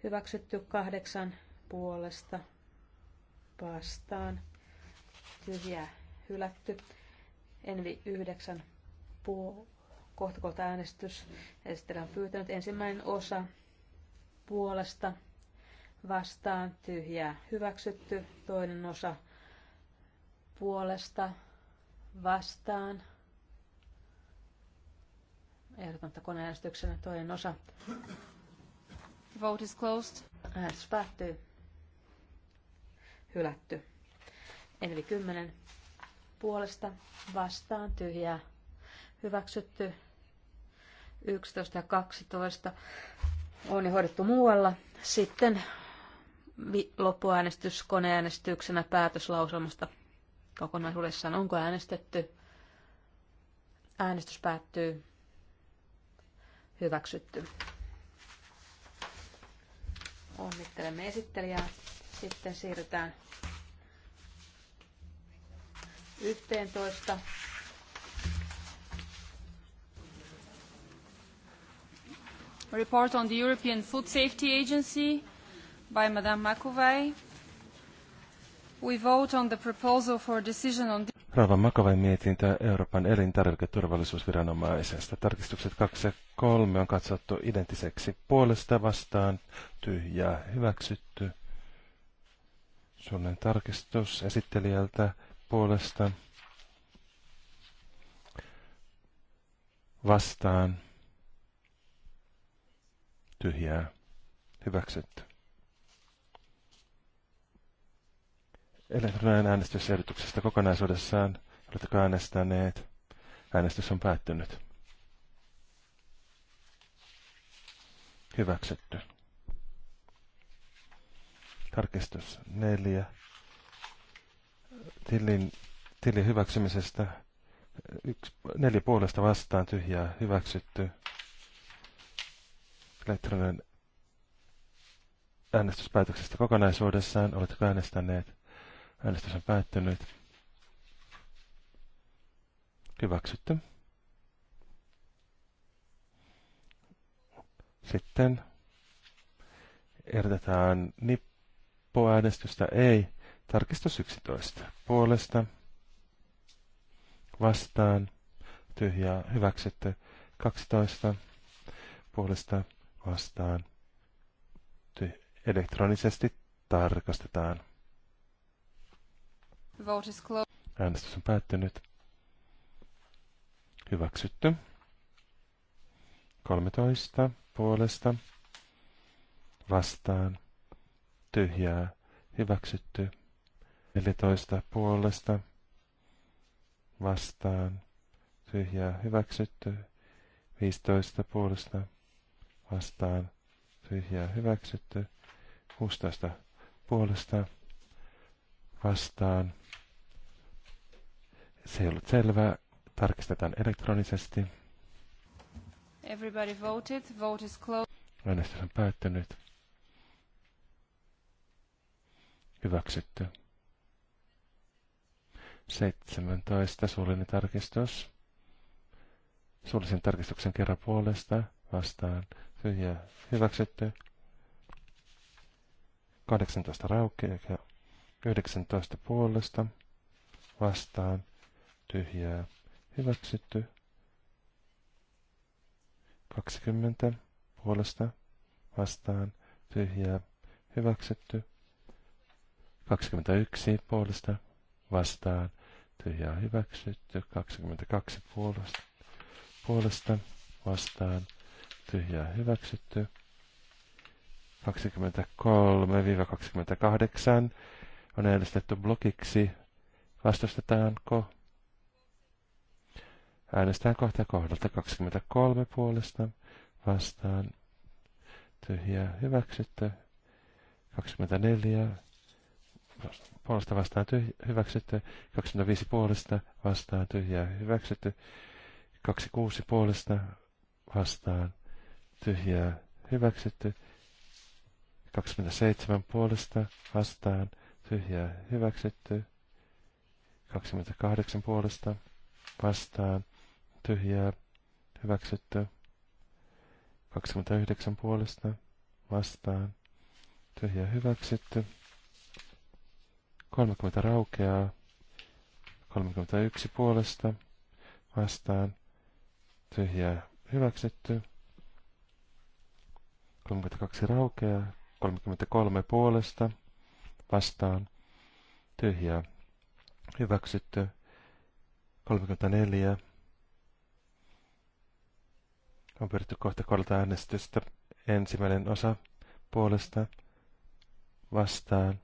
hyväksytty 8 puolesta vastaan, tyhjää hylätty, Envi 9 puolesta kohta kohta äänestys. Esittelijä on pyytänyt ensimmäinen osa puolesta vastaan tyhjää hyväksytty, toinen osa puolesta vastaan. Ehdotonta koneäänestyksenä toinen osa. Vote is closed. Äänestys päättyy. Hylätty. Eli 10 puolesta vastaan tyhjää. Hyväksytty. 11 ja 12 on jo hoidettu muualla. Sitten loppuäänestys koneäänestyksenä päätöslauselmasta kokonaisuudessaan. Onko äänestetty? Äänestys päättyy. Hyväksytty. Onnittelemme esittelijää. Sitten siirrytään 11. Report on the European Food Safety Agency by Madame McAvey. We vote Makovain mietintö Euroopan elintarviketurvallisuusviranomaisesta. Tarkistukset 2 ja 3 on katsottu identtiseksi puolesta vastaan. Tyhjää hyväksytty. Suullinen tarkistus esittelijältä puolesta vastaan. Tyhjää hyväksytty. elektroninen äänestysehdotuksesta kokonaisuudessaan. Oletteko äänestäneet? Äänestys on päättynyt. Hyväksytty. Tarkistus neljä. Tilin, tilin hyväksymisestä. Yksi, neljä puolesta vastaan tyhjää hyväksytty. Elektroninen äänestyspäätöksestä kokonaisuudessaan. Oletteko äänestäneet? Äänestys on päättynyt. Hyväksytty. Sitten erotetaan nippoäänestystä ei. Tarkistus 11. Puolesta. Vastaan. Tyhjää. Hyväksytty. 12. Puolesta. Vastaan. Ty- elektronisesti tarkastetaan. Vote is closed. Äänestys on päättynyt. Hyväksytty. 13 puolesta vastaan tyhjää hyväksytty. 14 puolesta vastaan tyhjää hyväksytty. 15 puolesta vastaan tyhjää hyväksytty. 16 puolesta vastaan se ei ollut selvää. Tarkistetaan elektronisesti. Everybody voted. Vote is closed. Äänestys on päättynyt. Hyväksytty. 17. Suullinen tarkistus. Suullisen tarkistuksen kerran puolesta vastaan. Tyhjä. Hyväksytty. 18 raukeaa. 19 puolesta vastaan tyhjää, hyväksytty. 20 puolesta vastaan tyhjää, hyväksytty. 21 puolesta vastaan tyhjää, hyväksytty. 22 puolesta, puolesta vastaan tyhjää, hyväksytty. 23-28 on äänestetty blokiksi. Vastustetaanko? Äänestään kohta kohdalta 23 puolesta vastaan. Tyhjää hyväksytty. 24 puolesta vastaan tyhjä, hyväksytty. 25 puolesta vastaan tyhjää hyväksytty. 26 puolesta vastaan tyhjää hyväksytty. 27 puolesta vastaan tyhjää hyväksytty. 28 puolesta vastaan tyhjää hyväksytty. 29 puolesta vastaan tyhjää hyväksytty. 30 raukeaa. 31 puolesta vastaan tyhjää hyväksytty. 32 raukeaa. 33 puolesta vastaan tyhjää hyväksytty. 34 on pyritty kohta kohdalta äänestystä. Ensimmäinen osa puolesta vastaan.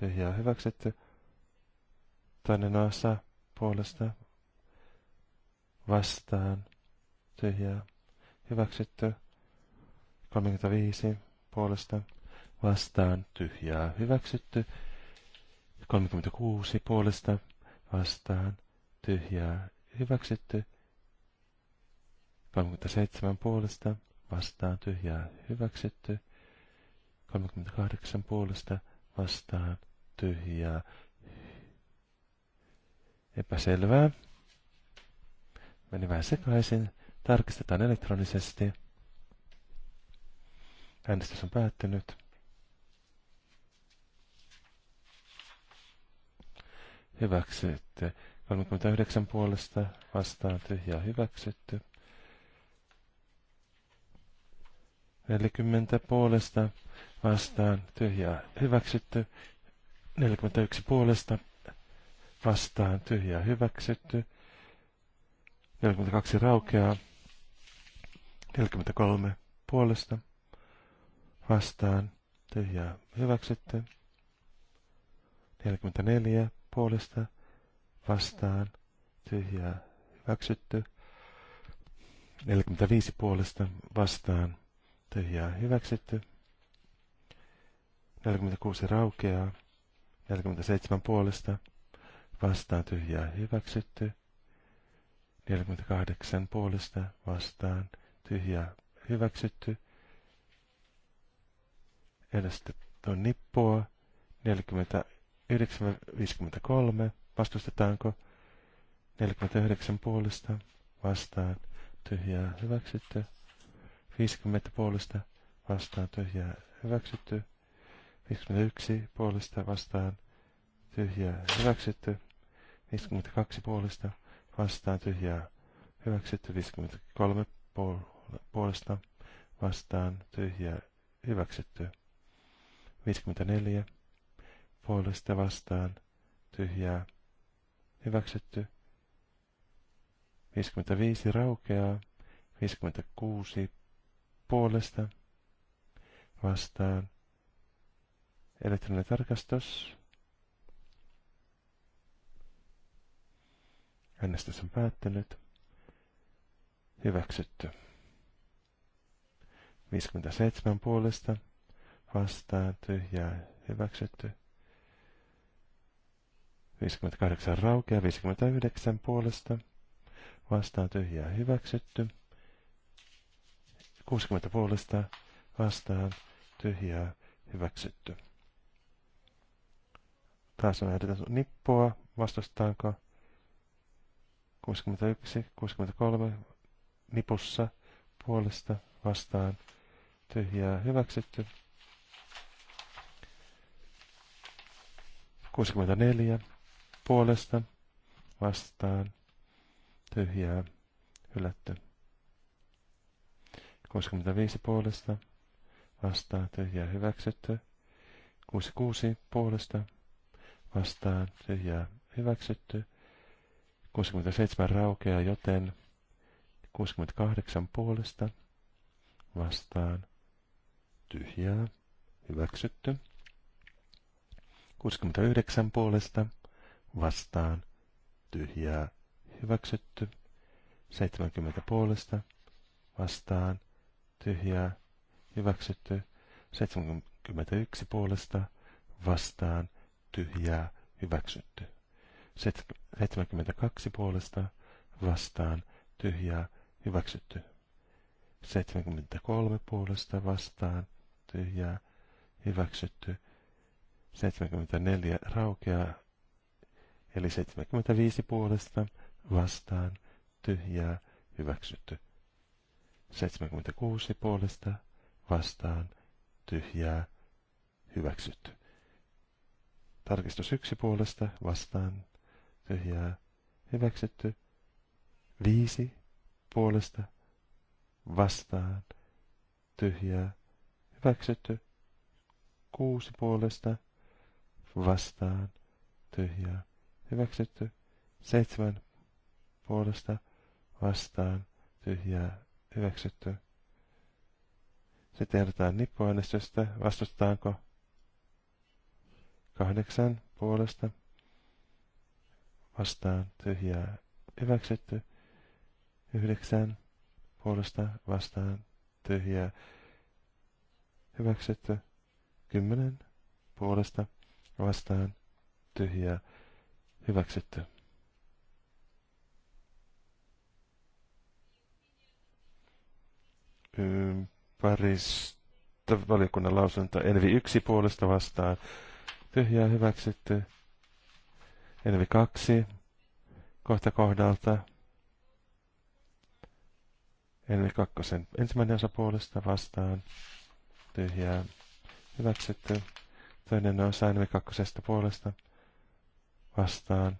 Tyhjää hyväksytty. Toinen osa puolesta vastaan. Tyhjää hyväksytty. 35 puolesta vastaan. Tyhjää hyväksytty. 36 puolesta vastaan. Tyhjää hyväksytty. 37 puolesta vastaan tyhjää hyväksytty. 38 puolesta vastaan tyhjää epäselvää. Meni vähän sekaisin. Tarkistetaan elektronisesti. Äänestys on päättynyt. Hyväksytty. 39 puolesta vastaan tyhjää hyväksytty. 40 puolesta vastaan tyhjää hyväksytty. 41 puolesta vastaan tyhjää hyväksytty. 42 raukeaa. 43 puolesta vastaan tyhjää hyväksytty. 44 puolesta vastaan tyhjää hyväksytty. 45 puolesta vastaan tyhjää hyväksytty. 46 raukeaa. 47 puolesta vastaan tyhjää hyväksytty. 48 puolesta vastaan tyhjää hyväksytty. Edestä on nippua. 49,53 Vastustetaanko? 49 puolesta vastaan tyhjää hyväksytty. 50 puolesta vastaan tyhjää hyväksytty. 51 puolesta vastaan tyhjää hyväksytty. 52 puolesta vastaan tyhjää hyväksytty. 53 puolesta vastaan tyhjää hyväksytty. 54 puolesta vastaan tyhjää hyväksytty. 55 raukeaa. 56 puolesta vastaan elektroninen tarkastus. Äänestys on päättynyt. Hyväksytty. 57 puolesta vastaan tyhjää hyväksytty. 58 raukea, 59 puolesta vastaan tyhjää hyväksytty. 60 puolesta vastaan tyhjää hyväksytty. Taas on ehdotettu nippua. Vastustaanko? 61, 63 nipussa puolesta vastaan tyhjää hyväksytty. 64 puolesta vastaan tyhjää hylätty. 65 puolesta vastaan tyhjää hyväksytty. 66 puolesta vastaan tyhjää hyväksytty. 67 raukeaa, joten 68 puolesta vastaan tyhjää hyväksytty. 69 puolesta vastaan tyhjää hyväksytty. 70 puolesta vastaan tyhjää, hyväksytty. 71 puolesta, vastaan, tyhjää, hyväksytty. 72 puolesta, vastaan, tyhjää, hyväksytty. 73 puolesta, vastaan, tyhjää, hyväksytty. 74 raukeaa, eli 75 puolesta, vastaan, tyhjää, hyväksytty. 76 puolesta vastaan tyhjää hyväksytty. Tarkistus 1 puolesta vastaan tyhjää hyväksytty. 5 puolesta vastaan tyhjää hyväksytty. 6 puolesta vastaan tyhjää hyväksytty. 7 puolesta vastaan tyhjää Hyväksytty. Sitten ehdotetaan nippuäänestystä. Vastustetaanko? Kahdeksan puolesta. Vastaan tyhjää. Hyväksytty. Yhdeksän puolesta vastaan tyhjää. Hyväksytty. Kymmenen puolesta vastaan tyhjää. Hyväksytty. ympäristövaliokunnan lausunto, Envi 1 puolesta vastaan, tyhjää hyväksytty, Envi 2, kohta kohdalta, Envi 2, ensimmäinen osa puolesta vastaan, tyhjää hyväksytty, toinen osa Envi 2 puolesta vastaan,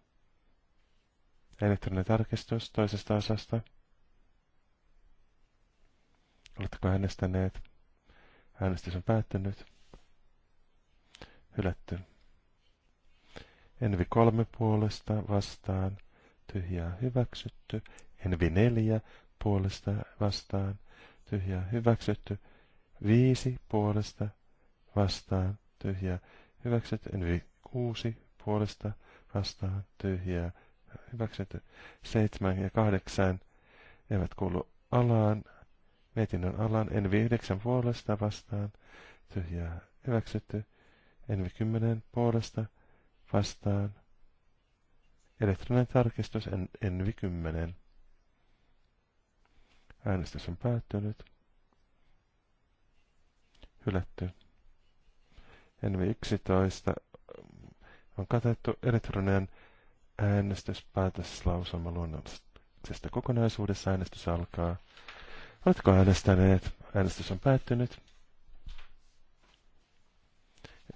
elektroninen tarkistus toisesta osasta, Oletteko äänestäneet? Äänestys on päättynyt. Hylätty. Envi kolme puolesta vastaan, tyhjää hyväksytty. Envi neljä puolesta vastaan, tyhjää hyväksytty. Viisi puolesta vastaan, tyhjää hyväksytty. Envi kuusi puolesta vastaan, tyhjää hyväksytty. Seitsemän ja kahdeksan eivät kuulu alaan, Mietinnön alan nv 9 puolesta vastaan. Tyhjää hyväksytty. nv 10 puolesta vastaan. Elektroninen tarkistus en, 10. Äänestys on päättynyt. Hylätty. nv 11 on katettu elektroninen äänestys luonnollisesta kokonaisuudesta kokonaisuudessa. Äänestys alkaa. Oletko äänestäneet? Äänestys on päättynyt.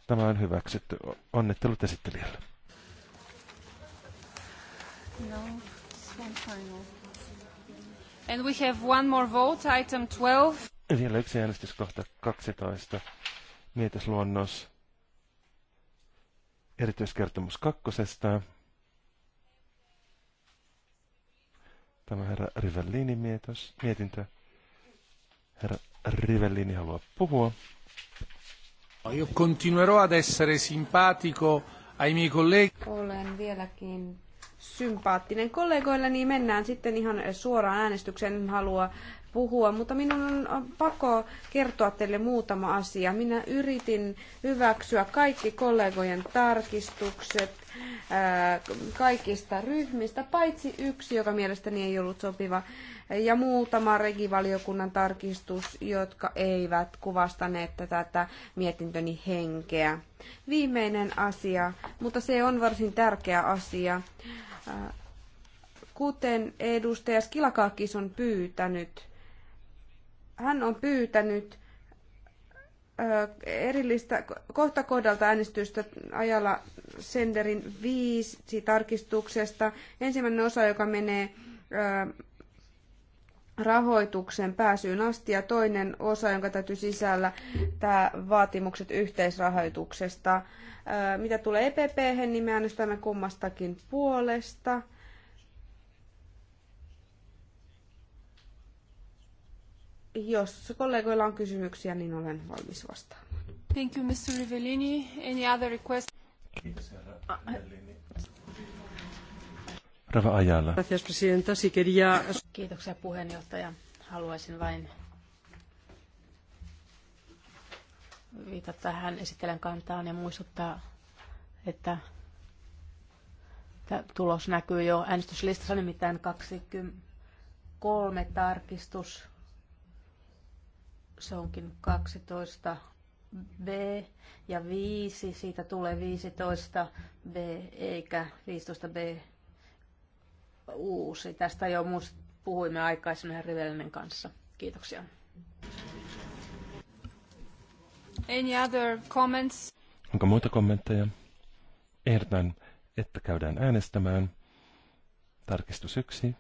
Tämä on hyväksytty. Onnittelut esittelijälle. No, final. And we have one more vote, item 12. Vielä yksi äänestyskohta 12. Mietesluonnos. Erityiskertomus kakkosesta. Tämä herra Rivellini mietos, mietintö. Herra Rivellini haluaa puhua. Io continuerò ad essere simpatico ai miei colleghi. Olen vieläkin sympaattinen kollegoille, niin mennään sitten ihan suoraan äänestykseen, en halua puhua, mutta minun on pakko kertoa teille muutama asia. Minä yritin hyväksyä kaikki kollegojen tarkistukset kaikista ryhmistä, paitsi yksi, joka mielestäni ei ollut sopiva ja muutama regivaliokunnan tarkistus, jotka eivät kuvastaneet tätä mietintöni henkeä. Viimeinen asia, mutta se on varsin tärkeä asia. Kuten edustaja Skilakakis on pyytänyt, hän on pyytänyt erillistä kohta kohdalta äänestystä ajalla senderin viisi tarkistuksesta. Ensimmäinen osa, joka menee rahoituksen pääsyyn asti ja toinen osa, jonka täytyy sisällä tämä vaatimukset yhteisrahoituksesta. Mitä tulee EPP, niin me äänestämme kummastakin puolesta. Jos kollegoilla on kysymyksiä, niin olen valmis vastaamaan. Thank you, Mr. Rivellini. Any other request? Kiitos, herra ah, Rivellini. Rava Ajala. Kiitoksia puheenjohtaja. Haluaisin vain viitata tähän esittelen kantaan ja muistuttaa, että tulos näkyy jo äänestyslistassa nimittäin 23 tarkistus. Se onkin 12 B ja 5, siitä tulee 15 B eikä 15 B uusi. Tästä jo puhuimme aikaisemmin Rivellinen kanssa. Kiitoksia. Any other comments? Onko muita kommentteja? Ehdotan, että käydään äänestämään. Tarkistus yksi.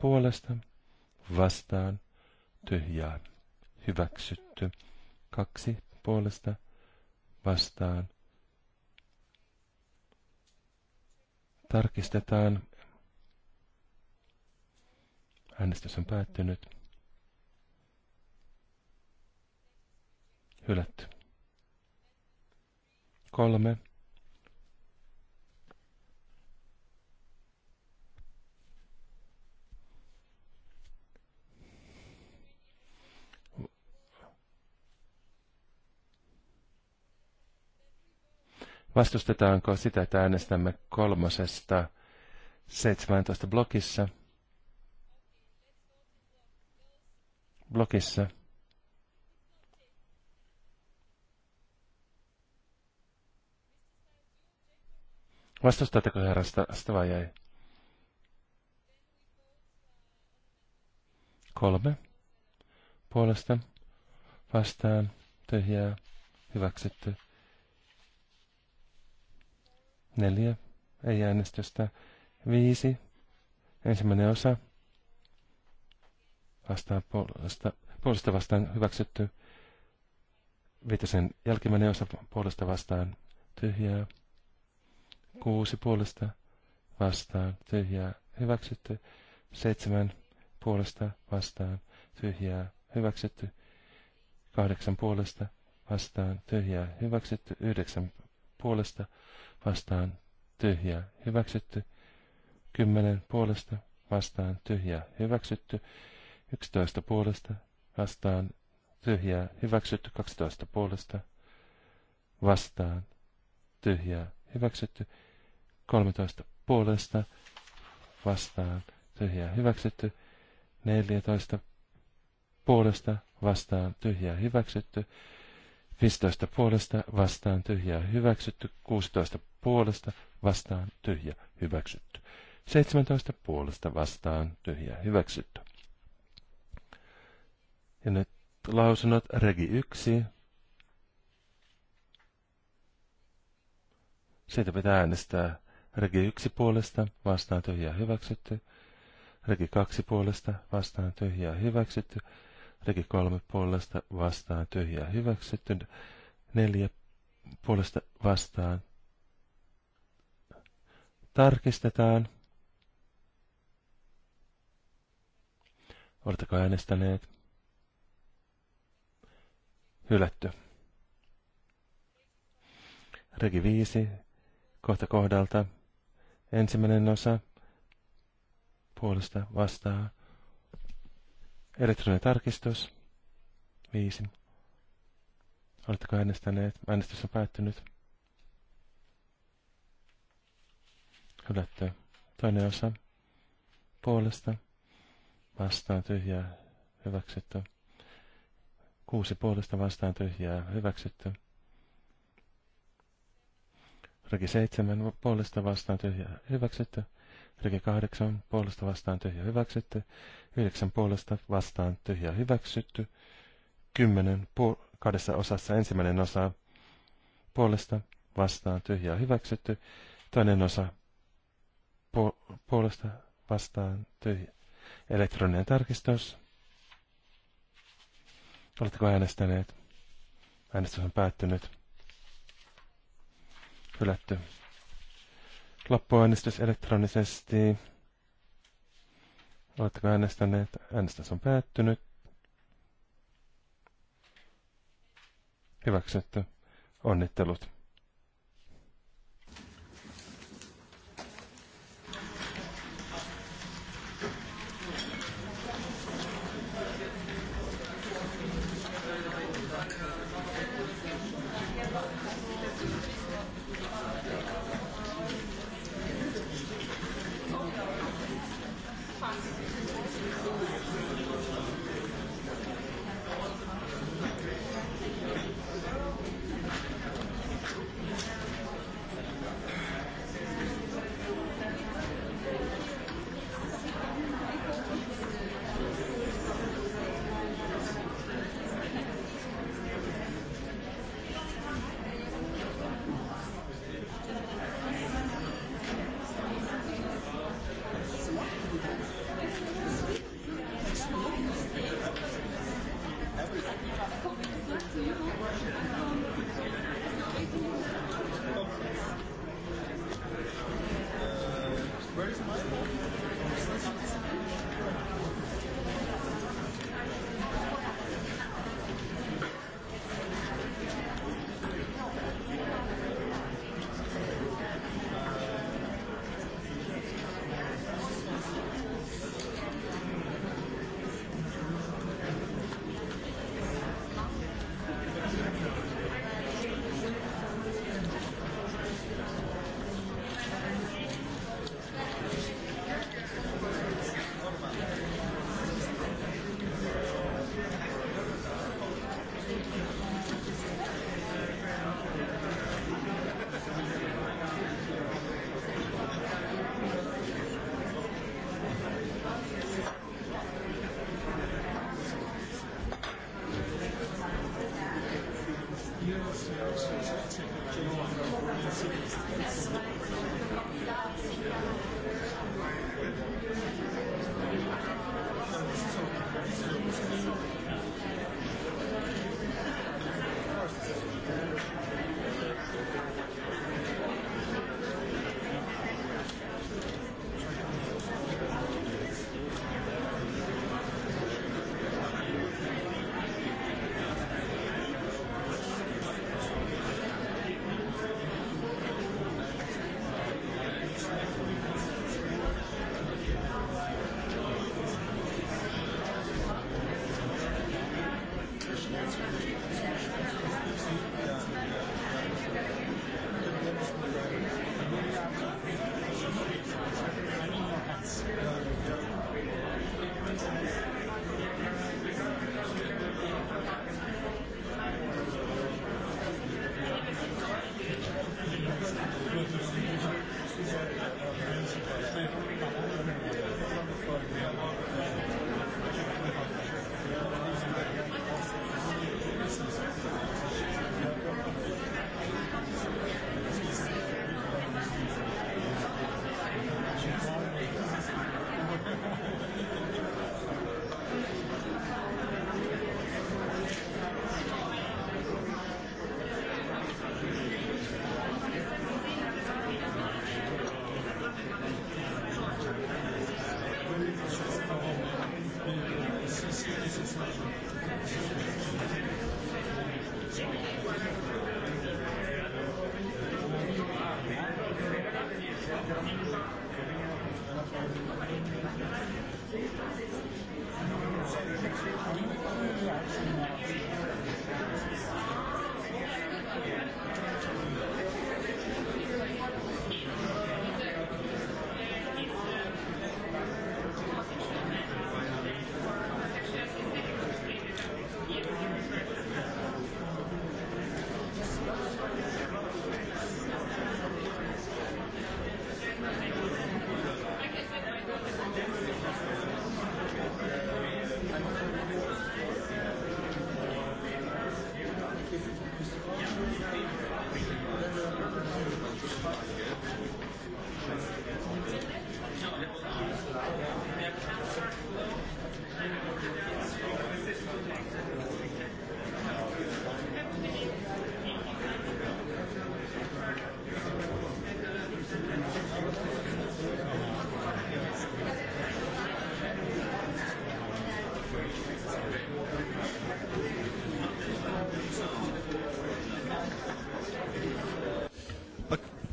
Puolesta. Vastaan. Tyhjää. Hyväksytty. Kaksi. Puolesta. Vastaan. Tarkistetaan Äänestys on päättynyt. Hylätty. Kolme. Vastustetaanko sitä, että äänestämme kolmosesta 17 blokissa? blogissa Vastustatteko herra sitä vai ei? Kolme. Puolesta. Vastaan. Tyhjää. Hyväksytty. Neljä. Ei äänestystä. Viisi. Ensimmäinen osa vastaan puolesta, puolesta vastaan hyväksytty. Viitosen jälkimmäinen osa puolesta vastaan tyhjää. Kuusi puolesta vastaan tyhjää hyväksytty. Seitsemän puolesta vastaan tyhjää hyväksytty. Kahdeksan puolesta vastaan tyhjää hyväksytty. Yhdeksän puolesta vastaan tyhjää hyväksytty. Kymmenen puolesta vastaan tyhjää hyväksytty. Yksitoista puolesta vastaan tyhjää hyväksytty. Kaksitoista puolesta vastaan tyhjää hyväksytty. Kolmetoista puolesta vastaan tyhjää hyväksytty. Neljätoista puolesta vastaan tyhjää hyväksytty. 15 puolesta vastaan tyhjää hyväksytty, 16 puolesta vastaan tyhjä hyväksytty, 17 puolesta vastaan tyhjä hyväksytty. Ja nyt lausunnot Regi 1. Siitä pitää äänestää Regi 1 puolesta, vastaan tyhjää hyväksytty. Regi 2 puolesta, vastaan tyhjää hyväksytty. Regi 3 puolesta, vastaan tyhjää hyväksytty. 4 puolesta, vastaan. Tarkistetaan. Oletteko äänestäneet? Hylätty. Regi 5. Kohta kohdalta. Ensimmäinen osa. Puolesta vastaa. Elektroninen tarkistus. 5. Oletteko äänestäneet? Äänestys on päättynyt. Hylätty. Toinen osa. Puolesta. Vastaan tyhjää. Hyväksytty. Kuusi puolesta vastaan tyhjää hyväksytty. Riki seitsemän puolesta vastaan tyhjää hyväksytty. Riki kahdeksan puolesta vastaan tyhjää hyväksytty. yhdeksän puolesta vastaan tyhjää hyväksytty. kymmenen kahdessa osassa ensimmäinen osa puolesta vastaan tyhjää hyväksytty. Toinen osa puol- puolesta vastaan tyhjää. Elektroninen tarkistus. Oletteko äänestäneet? Äänestys on päättynyt. Hylätty. Loppuäänestys elektronisesti. Oletteko äänestäneet? Äänestys on päättynyt. Hyväksytty. Onnittelut.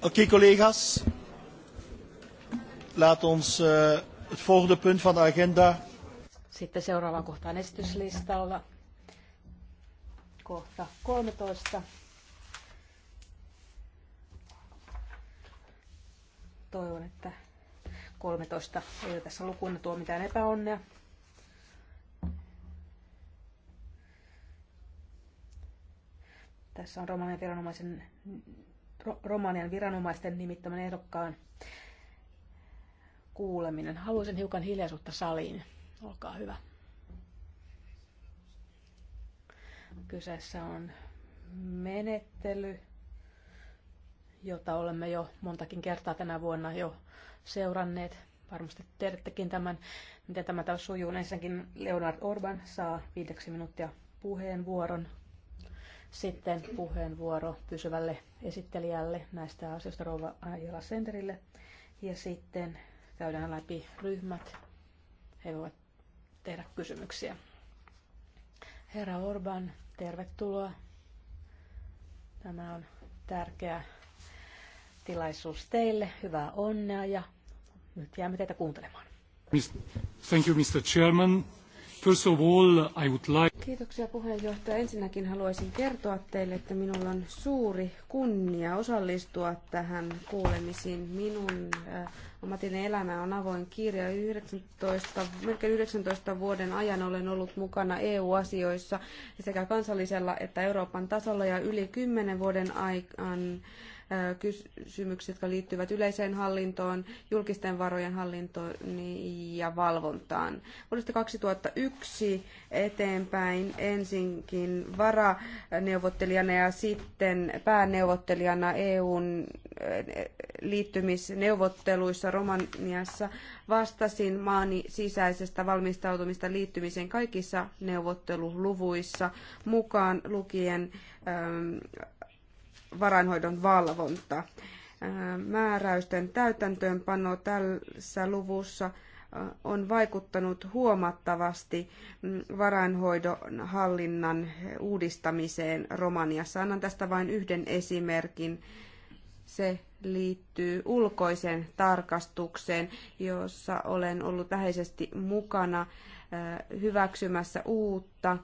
Oké okay, collega's, laat ons uh, het volgende punt van de agenda. Sitten seuraavaan esityslistalla. Kohta 13. Toivon, että 13 ei ole tässä lukuna tuo mitään epäonnea. Tässä on romanian viranomaisen Romanian viranomaisten nimittämän ehdokkaan kuuleminen. Haluaisin hiukan hiljaisuutta saliin. Olkaa hyvä. Kyseessä on menettely, jota olemme jo montakin kertaa tänä vuonna jo seuranneet. Varmasti tiedättekin tämän, miten tämä taas sujuu. Ensinnäkin Leonard Orban saa viideksi minuuttia puheenvuoron sitten puheenvuoro pysyvälle esittelijälle näistä asioista Rouva Ajala Centerille. Ja sitten käydään läpi ryhmät. He voivat tehdä kysymyksiä. Herra Orban, tervetuloa. Tämä on tärkeä tilaisuus teille. Hyvää onnea ja nyt jäämme teitä kuuntelemaan. Thank you, Mr. Chairman. First of all, I would like... Kiitoksia puheenjohtaja. Ensinnäkin haluaisin kertoa teille, että minulla on suuri kunnia osallistua tähän kuulemisiin. Minun äh, ammatillinen elämä on avoin kirja. 19, melkein 19 vuoden ajan olen ollut mukana EU-asioissa sekä kansallisella että Euroopan tasolla ja yli 10 vuoden ajan kysymykset, jotka liittyvät yleiseen hallintoon, julkisten varojen hallintoon ja valvontaan. Vuodesta 2001 eteenpäin ensinkin varaneuvottelijana ja sitten pääneuvottelijana EUn liittymisneuvotteluissa Romaniassa vastasin maani sisäisestä valmistautumista liittymiseen kaikissa neuvotteluluvuissa mukaan lukien varainhoidon valvonta. Määräysten täytäntöönpano tässä luvussa on vaikuttanut huomattavasti mm, varainhoidon hallinnan uudistamiseen Romaniassa. Annan tästä vain yhden esimerkin. Se liittyy ulkoiseen tarkastukseen, jossa olen ollut läheisesti mukana hyväksymässä uutta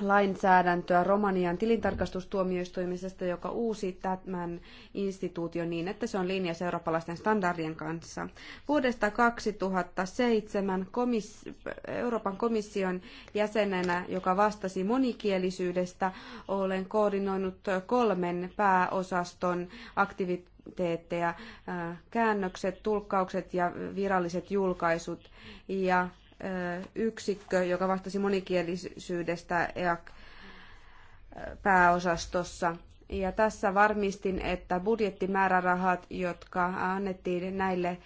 lainsäädäntöä Romanian tilintarkastustuomioistuimisesta, joka uusi tämän instituution niin, että se on linjassa eurooppalaisten standardien kanssa. Vuodesta 2007 komis- Euroopan komission jäsenenä, joka vastasi monikielisyydestä, olen koordinoinut kolmen pääosaston aktiviteetteja, käännökset, tulkkaukset ja viralliset julkaisut. Ja yksikkö, joka vastasi monikielisyydestä EAC-pääosastossa. Ja tässä varmistin, että budjettimäärärahat, jotka annettiin näille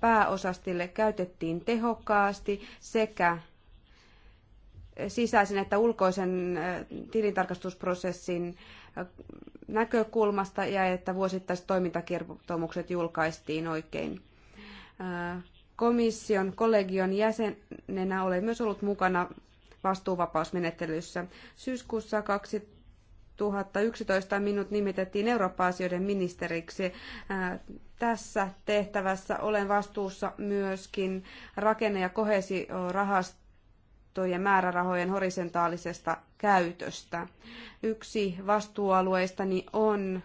pääosastille, käytettiin tehokkaasti sekä sisäisen että ulkoisen tilintarkastusprosessin näkökulmasta ja että vuosittaiset toimintakertomukset julkaistiin oikein komission kollegion jäsenenä olen myös ollut mukana vastuuvapausmenettelyssä. Syyskuussa 2011 minut nimitettiin Eurooppa-asioiden ministeriksi. Tässä tehtävässä olen vastuussa myöskin rakenne- ja kohesiorahastojen määrärahojen horisontaalisesta käytöstä. Yksi vastuualueistani on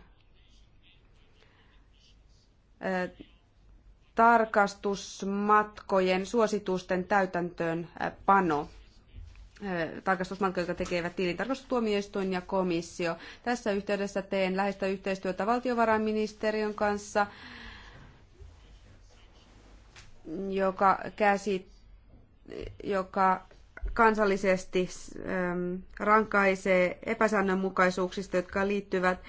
tarkastusmatkojen suositusten täytäntöön pano tarkastusmatkoja, jotka tekevät tilintarkastustuomioistuin ja komissio. Tässä yhteydessä teen läheistä yhteistyötä valtiovarainministeriön kanssa, joka, käsit, joka kansallisesti ähm, rankaisee epäsäännönmukaisuuksista, jotka liittyvät äh,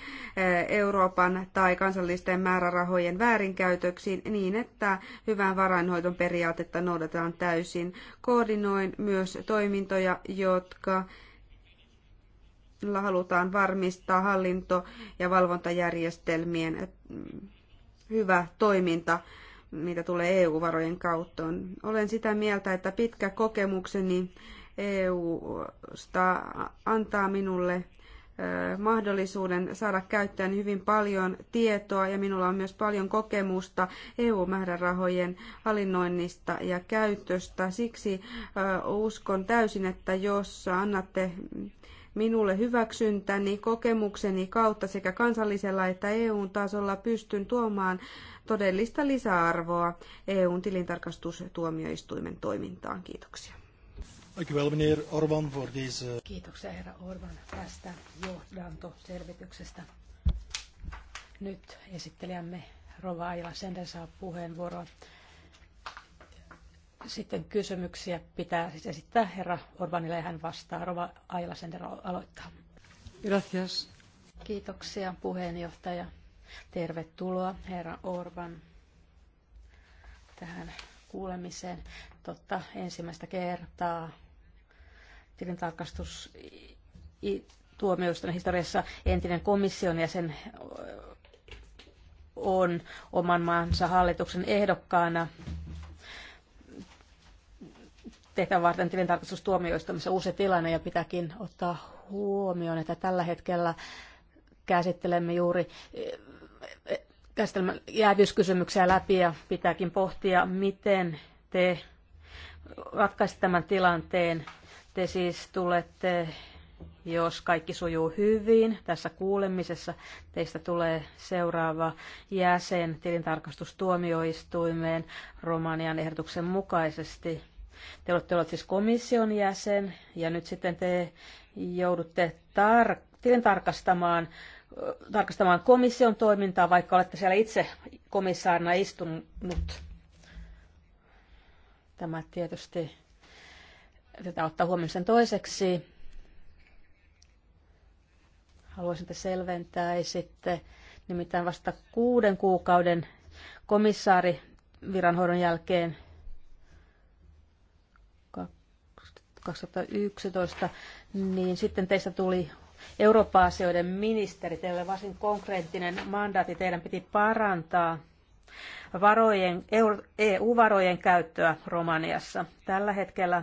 Euroopan tai kansallisten määrärahojen väärinkäytöksiin niin, että hyvän varainhoidon periaatetta noudatetaan täysin. Koordinoin myös toimintoja, jotka halutaan varmistaa hallinto- ja valvontajärjestelmien äh, hyvä toiminta mitä tulee EU-varojen kautta. Olen sitä mieltä, että pitkä kokemukseni EUsta antaa minulle mahdollisuuden saada käyttäen hyvin paljon tietoa ja minulla on myös paljon kokemusta EU-määrärahojen hallinnoinnista ja käytöstä. Siksi uskon täysin, että jos annatte minulle hyväksyntäni kokemukseni kautta sekä kansallisella että EU-tasolla pystyn tuomaan todellista lisäarvoa EUn tilintarkastustuomioistuimen toimintaan. Kiitoksia. Kiitoksia herra Orban tästä johdantoselvityksestä. Nyt esittelijämme Rova Aila Sender saa puheenvuoroa. Sitten kysymyksiä pitää siis esittää herra Orbanille ja hän vastaa. Rova Aila Sender aloittaa. Gracias. Kiitoksia puheenjohtaja. Tervetuloa, herra Orban, tähän kuulemiseen. Totta, ensimmäistä kertaa tilintarkastus tuomioistuimen historiassa entinen komission jäsen on oman maansa hallituksen ehdokkaana tehtävän varten tilintarkastustuomioistuimessa uusi tilanne ja pitääkin ottaa huomioon, että tällä hetkellä käsittelemme juuri käsittelemään jäävyyskysymyksiä läpi ja pitääkin pohtia, miten te ratkaisitte tämän tilanteen. Te siis tulette, jos kaikki sujuu hyvin tässä kuulemisessa, teistä tulee seuraava jäsen tilintarkastustuomioistuimeen Romanian ehdotuksen mukaisesti. Te olette olleet siis komission jäsen ja nyt sitten te joudutte tar- tilintarkastamaan tarkastamaan tarkastamaan komission toimintaa, vaikka olette siellä itse komissaarina istunut. Tämä tietysti tätä ottaa huomioon sen toiseksi. Haluaisin, ja sitten nimittäin vasta kuuden kuukauden komissaari viranhoidon jälkeen 2011, niin sitten teistä tuli Eurooppa-asioiden ministeri, teille varsin konkreettinen mandaatti, teidän piti parantaa varojen, EU-varojen e käyttöä Romaniassa. Tällä hetkellä,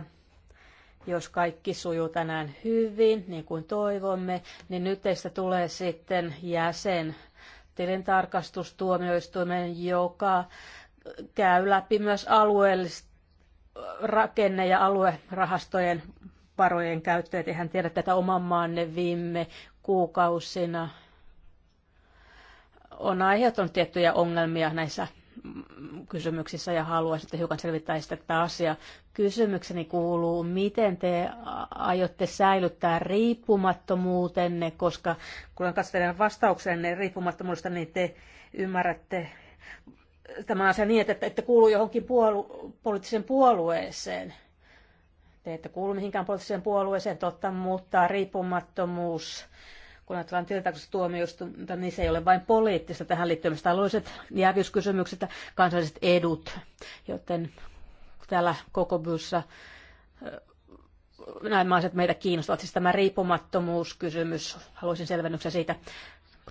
jos kaikki sujuu tänään hyvin, niin kuin toivomme, niin nyt teistä tulee sitten jäsen tilintarkastustuomioistuimen, joka käy läpi myös alueellista rakenne- ja aluerahastojen varojen että Eihän tiedä tätä oman maanne viime kuukausina on aiheuttanut tiettyjä ongelmia näissä kysymyksissä ja haluaisin että hiukan selvittää sitä tätä asiaa. Kysymykseni kuuluu, miten te aiotte säilyttää riippumattomuutenne, koska kun katselen vastauksenne riippumattomuudesta, niin te ymmärrätte tämän asian niin, että, että kuuluu johonkin puolu- poliittiseen puolueeseen – te ette kuulu mihinkään poliittiseen puolueeseen, totta, mutta riippumattomuus, kun ajatellaan tuomioistuinta, niin se ei ole vain poliittista. Tähän liittyy myös taloudelliset jäävyyskysymykset ja kansalliset edut, joten täällä kokobyssä näin maaset meitä kiinnostavat. Siis tämä riippumattomuuskysymys, haluaisin selvennyksen siitä.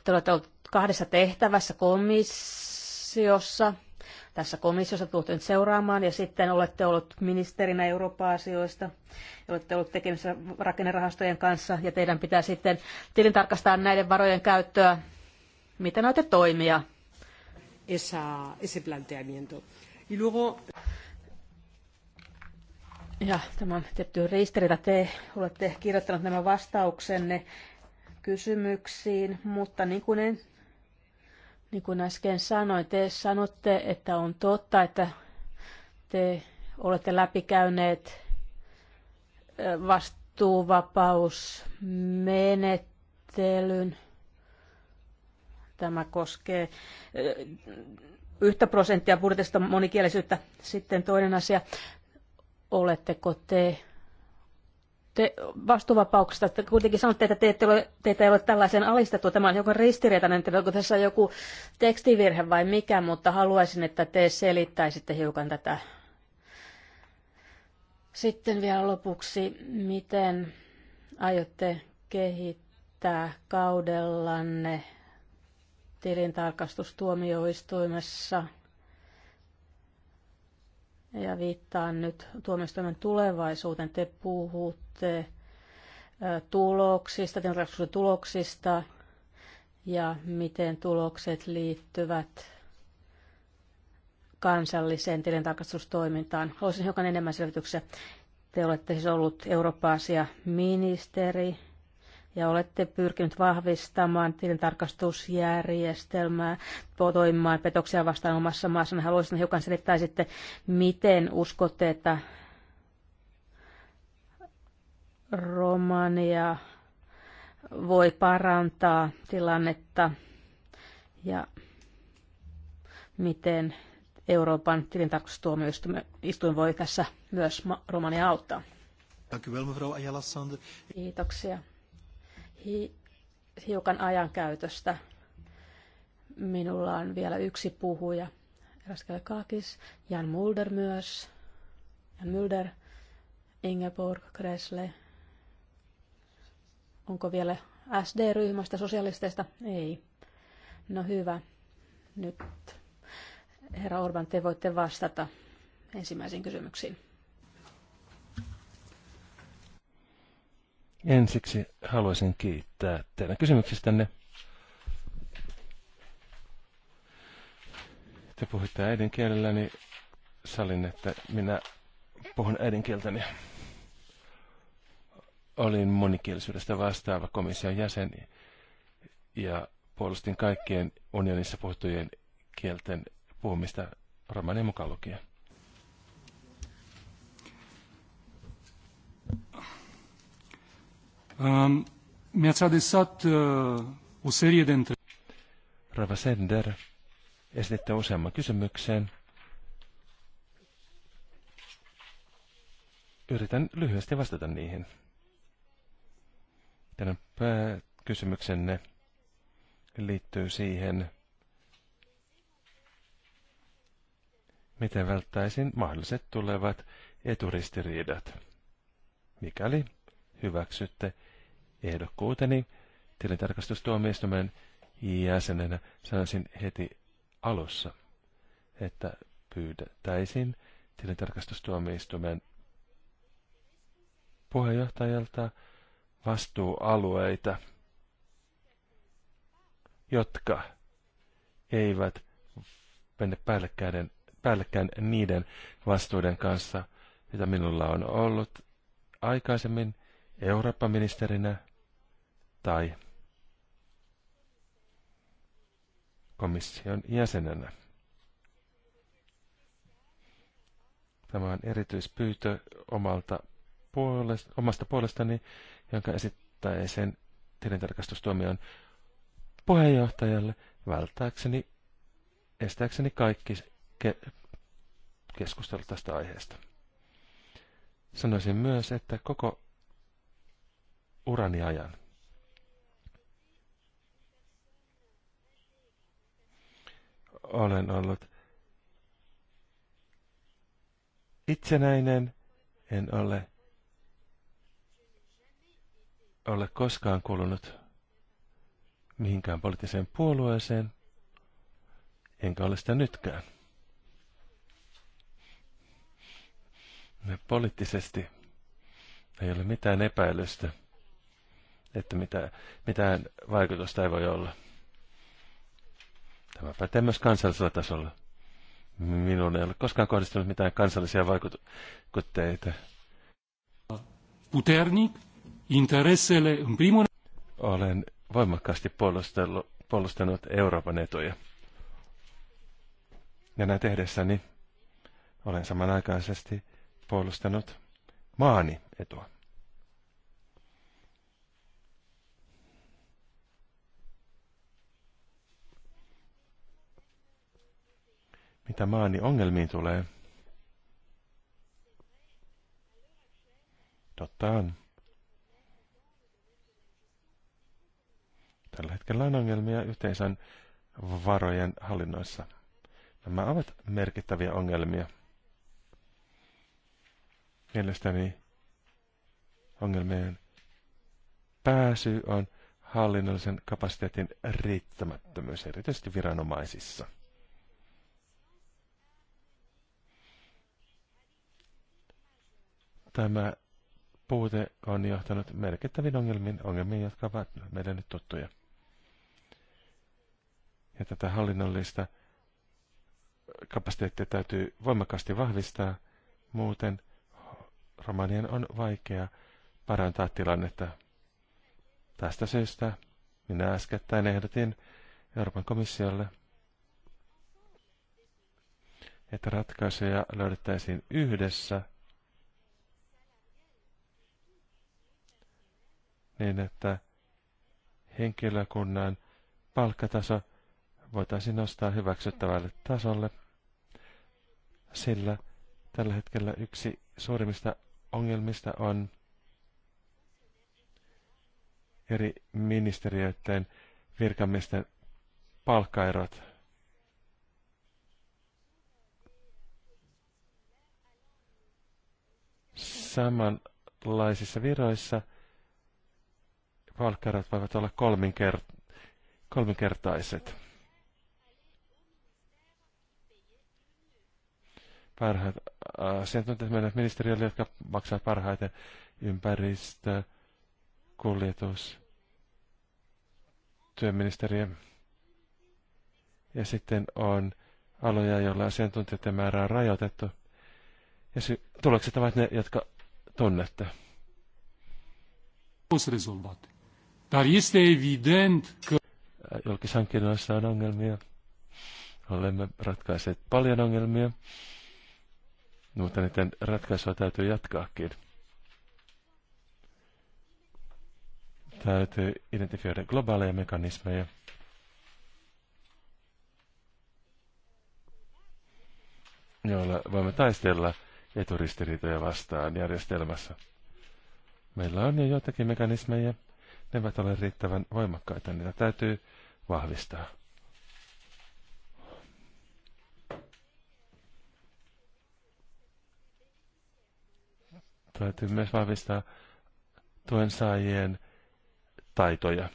Te olette olleet kahdessa tehtävässä komissiossa, tässä komissiossa tulette nyt seuraamaan ja sitten olette ollut ministerinä Euroopan asioista olette ollut tekemisissä rakennerahastojen kanssa ja teidän pitää sitten tilintarkastaa näiden varojen käyttöä. Miten olette toimia? Esa, ese planteamiento. Y luego... Ja tämä on tietty ristiriita. Te olette kirjoittaneet nämä vastauksenne kysymyksiin, mutta niin kuin en niin kuin äsken sanoin, te sanotte, että on totta, että te olette läpikäyneet vastuuvapausmenettelyn. Tämä koskee yhtä prosenttia budjetista monikielisyyttä. Sitten toinen asia, oletteko te te vastuuvapauksesta, että kuitenkin sanotte, että te ette ole, teitä ei ole tällaisen alistettu. Tämä on joku ristiriitainen, onko tässä joku tekstivirhe vai mikä, mutta haluaisin, että te selittäisitte hiukan tätä. Sitten vielä lopuksi, miten aiotte kehittää kaudellanne tilintarkastustuomioistuimessa – ja viittaan nyt tuomioistuimen tulevaisuuteen. Te puhutte tuloksista, demokraattisuuden tuloksista ja miten tulokset liittyvät kansalliseen tilintarkastustoimintaan. Haluaisin hiukan enemmän selvityksiä. Te olette siis ollut Eurooppa-asia ministeri ja olette pyrkinyt vahvistamaan tilintarkastusjärjestelmää toimimaan petoksia vastaan omassa maassa. Haluaisin hiukan selittää sitten, miten uskotte, että Romania voi parantaa tilannetta ja miten Euroopan tilintarkastustuomioistuin voi tässä myös Romania auttaa. Kiitoksia hi- hiukan ajankäytöstä. Minulla on vielä yksi puhuja, Raskel Kakis, Jan Mulder myös, Jan Mulder, Ingeborg Kresle. Onko vielä SD-ryhmästä, sosialisteista? Ei. No hyvä. Nyt herra Orban, te voitte vastata ensimmäisiin kysymyksiin. Ensiksi haluaisin kiittää teidän kysymyksistänne. Te puhutte äidinkielelläni, salin, että minä puhun äidinkieltäni. Olin monikielisyydestä vastaava komission jäsen ja puolustin kaikkien unionissa puhuttujen kielten puhumista romanien mukaan lukien. Mi-ați adresat uh, o serie de întrebări. Rava Sender, o useamman kysymyksen. Yritän lyhyesti vastata niihin. Tänään pääkysymyksenne liittyy siihen, miten välttäisin mahdolliset tulevat eturistiriidat, mikäli hyväksytte ehdokkuuteni tilintarkastustuomioistuimen jäsenenä sanoisin heti alussa, että pyydettäisin tilintarkastustuomioistuimen puheenjohtajalta vastuualueita, jotka eivät mene päällekkäin, päällekkäin niiden vastuuden kanssa, mitä minulla on ollut aikaisemmin – Eurooppa-ministerinä tai komission jäsenenä. Tämä on erityispyytö omalta puolest, omasta puolestani, jonka esittäisen tilintarkastustuomion puheenjohtajalle välttääkseni, estääkseni kaikki ke- keskustelut tästä aiheesta. Sanoisin myös, että koko urani ajan. Olen ollut itsenäinen, en ole, ole koskaan kuulunut mihinkään poliittiseen puolueeseen, enkä ole sitä nytkään. Ja poliittisesti ei ole mitään epäilystä että mitä, mitään vaikutusta ei voi olla. Tämä pätee myös kansallisella tasolla. Minun ei ole koskaan kohdistunut mitään kansallisia vaikutteita. Puternik, interessele in primo... Olen voimakkaasti puolustanut Euroopan etuja. Ja näin tehdessäni olen samanaikaisesti puolustanut maani etua. mitä maani ongelmiin tulee. Totta on. Tällä hetkellä on ongelmia yhteisön varojen hallinnoissa. Nämä ovat merkittäviä ongelmia. Mielestäni ongelmien pääsy on hallinnollisen kapasiteetin riittämättömyys, erityisesti viranomaisissa. Tämä puute on johtanut merkittäviin ongelmiin, ongelmiin, jotka ovat meille nyt tuttuja. Ja tätä hallinnollista kapasiteettia täytyy voimakkaasti vahvistaa, muuten romanien on vaikea parantaa tilannetta. Tästä syystä minä äskettäin ehdotin Euroopan komissiolle, että ratkaisuja löydettäisiin yhdessä – niin että henkilökunnan palkkataso voitaisiin nostaa hyväksyttävälle tasolle, sillä tällä hetkellä yksi suurimmista ongelmista on eri ministeriöiden virkamiesten palkkaerot. Samanlaisissa viroissa – palkkarot voivat olla kolminkert- kolminkertaiset. Parhaat asiantuntijat menevät ministeriölle, jotka maksavat parhaiten ympäristö, kuljetus, työministeriö. Ja sitten on aloja, joilla asiantuntijoiden määrä on rajoitettu. Ja sy- tulokset ovat ne, jotka tunnette. Pois resolvate. Dar este evident că... Julkishankinnoissa on ongelmia. Olemme ratkaiseet paljon ongelmia, mutta niiden ratkaisua täytyy jatkaakin. Täytyy identifioida globaaleja mekanismeja. joilla voimme taistella eturistiriitoja vastaan järjestelmässä. Meillä on jo joitakin mekanismeja, ne eivät ole riittävän voimakkaita, niitä täytyy vahvistaa. Täytyy myös vahvistaa tuen saajien taitoja.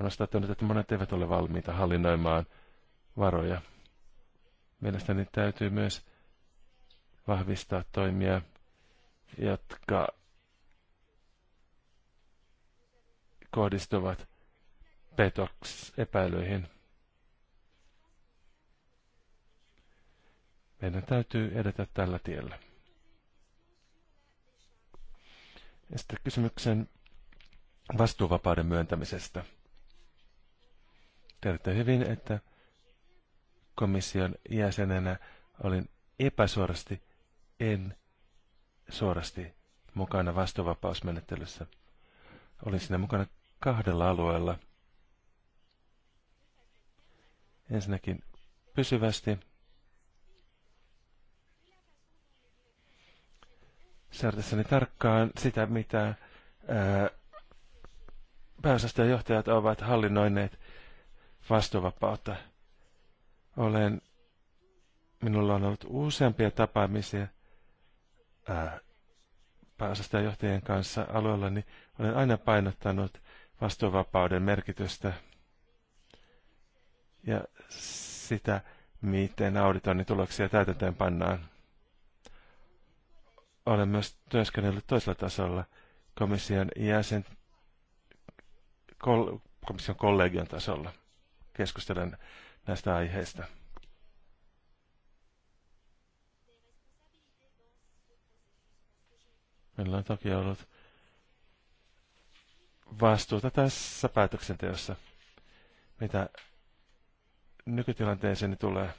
On ostattunut, että monet eivät ole valmiita hallinnoimaan varoja. Mielestäni täytyy myös vahvistaa toimia, jotka kohdistuvat petoksepäilyihin. epäilyihin. Meidän täytyy edetä tällä tiellä. Ja sitten kysymyksen vastuuvapauden myöntämisestä. Tiedätte hyvin, että komission jäsenenä olin epäsuorasti, en suorasti mukana vastuuvapausmenettelyssä. Olin siinä mukana kahdella alueella. Ensinnäkin pysyvästi seuratessani tarkkaan sitä, mitä pääosastojen johtajat ovat hallinnoineet vastuuvapautta. Olen, minulla on ollut useampia tapaamisia ää, pääosastojen johtajien kanssa alueella, niin olen aina painottanut vastuuvapauden merkitystä ja sitä, miten auditoinnin tuloksia täytäntöön pannaan. Olen myös työskennellyt toisella tasolla komission jäsen kol, komission kollegion tasolla. Keskustelen näistä aiheista. Meillä on toki ollut vastuuta tässä päätöksenteossa, mitä nykytilanteeseen tulee.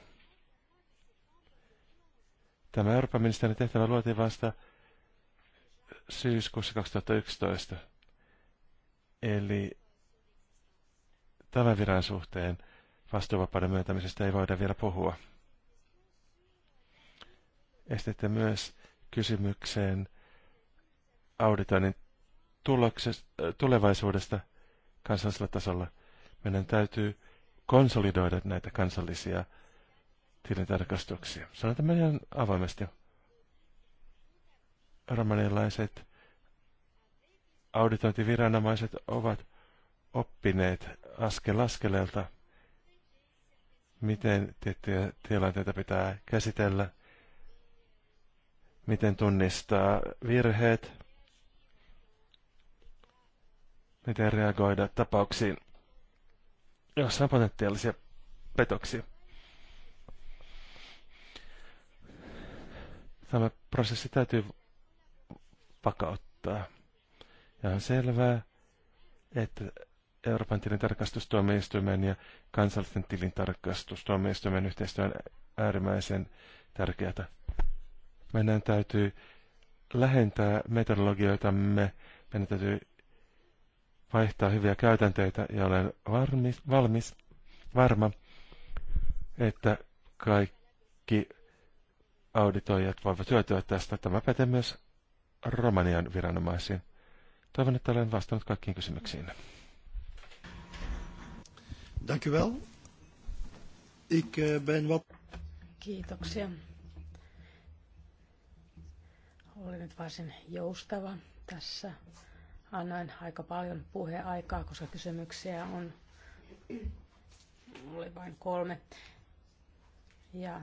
Tämä Euroopan ministerin tehtävä luotiin vasta syyskuussa 2011. Eli tämän viran suhteen vastuuvapauden myöntämisestä ei voida vielä puhua. Estitte myös kysymykseen auditoinnin Äh, tulevaisuudesta kansallisella tasolla. Meidän täytyy konsolidoida näitä kansallisia tilintarkastuksia. Sanon tämän ihan avoimesti. Romanilaiset auditointiviranomaiset ovat oppineet askel askeleelta, miten tiettyjä tilanteita pitää käsitellä, miten tunnistaa virheet, miten reagoida tapauksiin, joissa on potentiaalisia petoksia. Tämä prosessi täytyy vakauttaa. Ja on selvää, että Euroopan tilintarkastustuomioistuimen ja kansallisten tilintarkastustuomioistuimen yhteistyö on äärimmäisen tärkeää. Meidän täytyy lähentää metodologioitamme, meidän täytyy vaihtaa hyviä käytänteitä ja olen varmis, valmis, varma, että kaikki auditoijat voivat hyötyä tästä. Tämä pätee myös Romanian viranomaisiin. Toivon, että olen vastannut kaikkiin kysymyksiin. Eh, Kiitoksia. Olen nyt varsin joustava tässä annoin aika paljon puheaikaa, koska kysymyksiä on oli vain kolme. Ja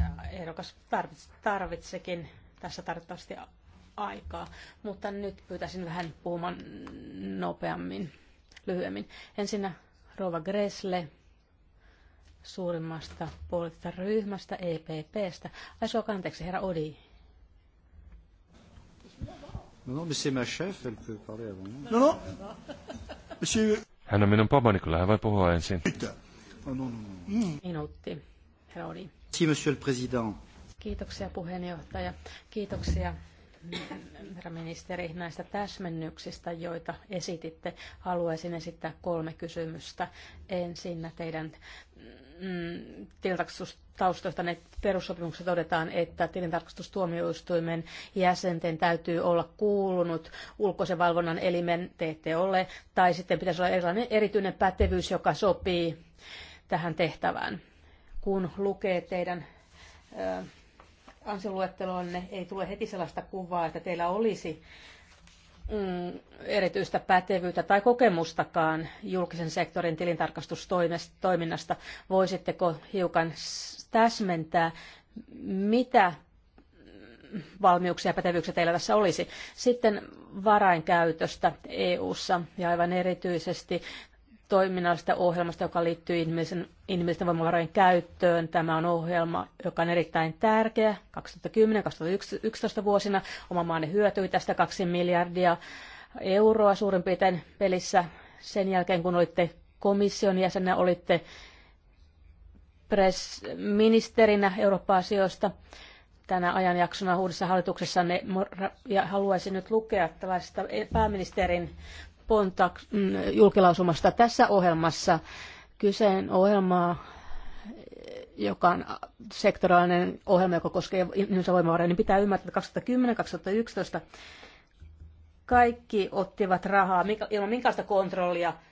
äh, ehdokas tarvitsekin tässä tarvittavasti aikaa, mutta nyt pyytäisin vähän puhumaan nopeammin, lyhyemmin. Ensinnä Rova Gresle suurimmasta puolitta ryhmästä, EPPstä. Ai suokaa anteeksi, herra Odi, mais c'est ma chef, elle peut parler avant. Non, non. Monsieur... Hän on minun pomoni, kyllä hän voi puhua ensin. Oh, no, no, no. Minuutti. Hän oli. Si, monsieur le président. Kiitoksia puheenjohtaja. Kiitoksia herra ministeri, näistä täsmennyksistä, joita esititte. Haluaisin esittää kolme kysymystä. ensin teidän mm, tilintarkastustaustoista ne perussopimuksessa todetaan, että tilintarkastustuomioistuimen jäsenten täytyy olla kuulunut ulkoisen valvonnan elimen, TTOlle, ole, tai sitten pitäisi olla erilainen erityinen pätevyys, joka sopii tähän tehtävään. Kun lukee teidän ansiluetteloonne ei tule heti sellaista kuvaa, että teillä olisi mm, erityistä pätevyyttä tai kokemustakaan julkisen sektorin tilintarkastustoiminnasta. Voisitteko hiukan täsmentää, mitä valmiuksia ja pätevyyksiä teillä tässä olisi. Sitten varainkäytöstä EU-ssa ja aivan erityisesti toiminnallisesta ohjelmasta, joka liittyy inhimillisen, ihmisten voimavarojen käyttöön. Tämä on ohjelma, joka on erittäin tärkeä 2010-2011 vuosina. Oma maani hyötyi tästä 2 miljardia euroa suurin piirtein pelissä. Sen jälkeen, kun olitte komission jäsenä, olitte pressministerinä Eurooppa-asioista tänä ajanjaksona uudessa hallituksessa ja haluaisin nyt lukea tällaista pääministerin Pontak mm, julkilausumasta tässä ohjelmassa. Kyseen ohjelmaa, joka on sektoraalinen ohjelma, joka koskee ihmisen voimavaroja, niin pitää ymmärtää, että 2010-2011 kaikki ottivat rahaa ilman minkälaista kontrollia –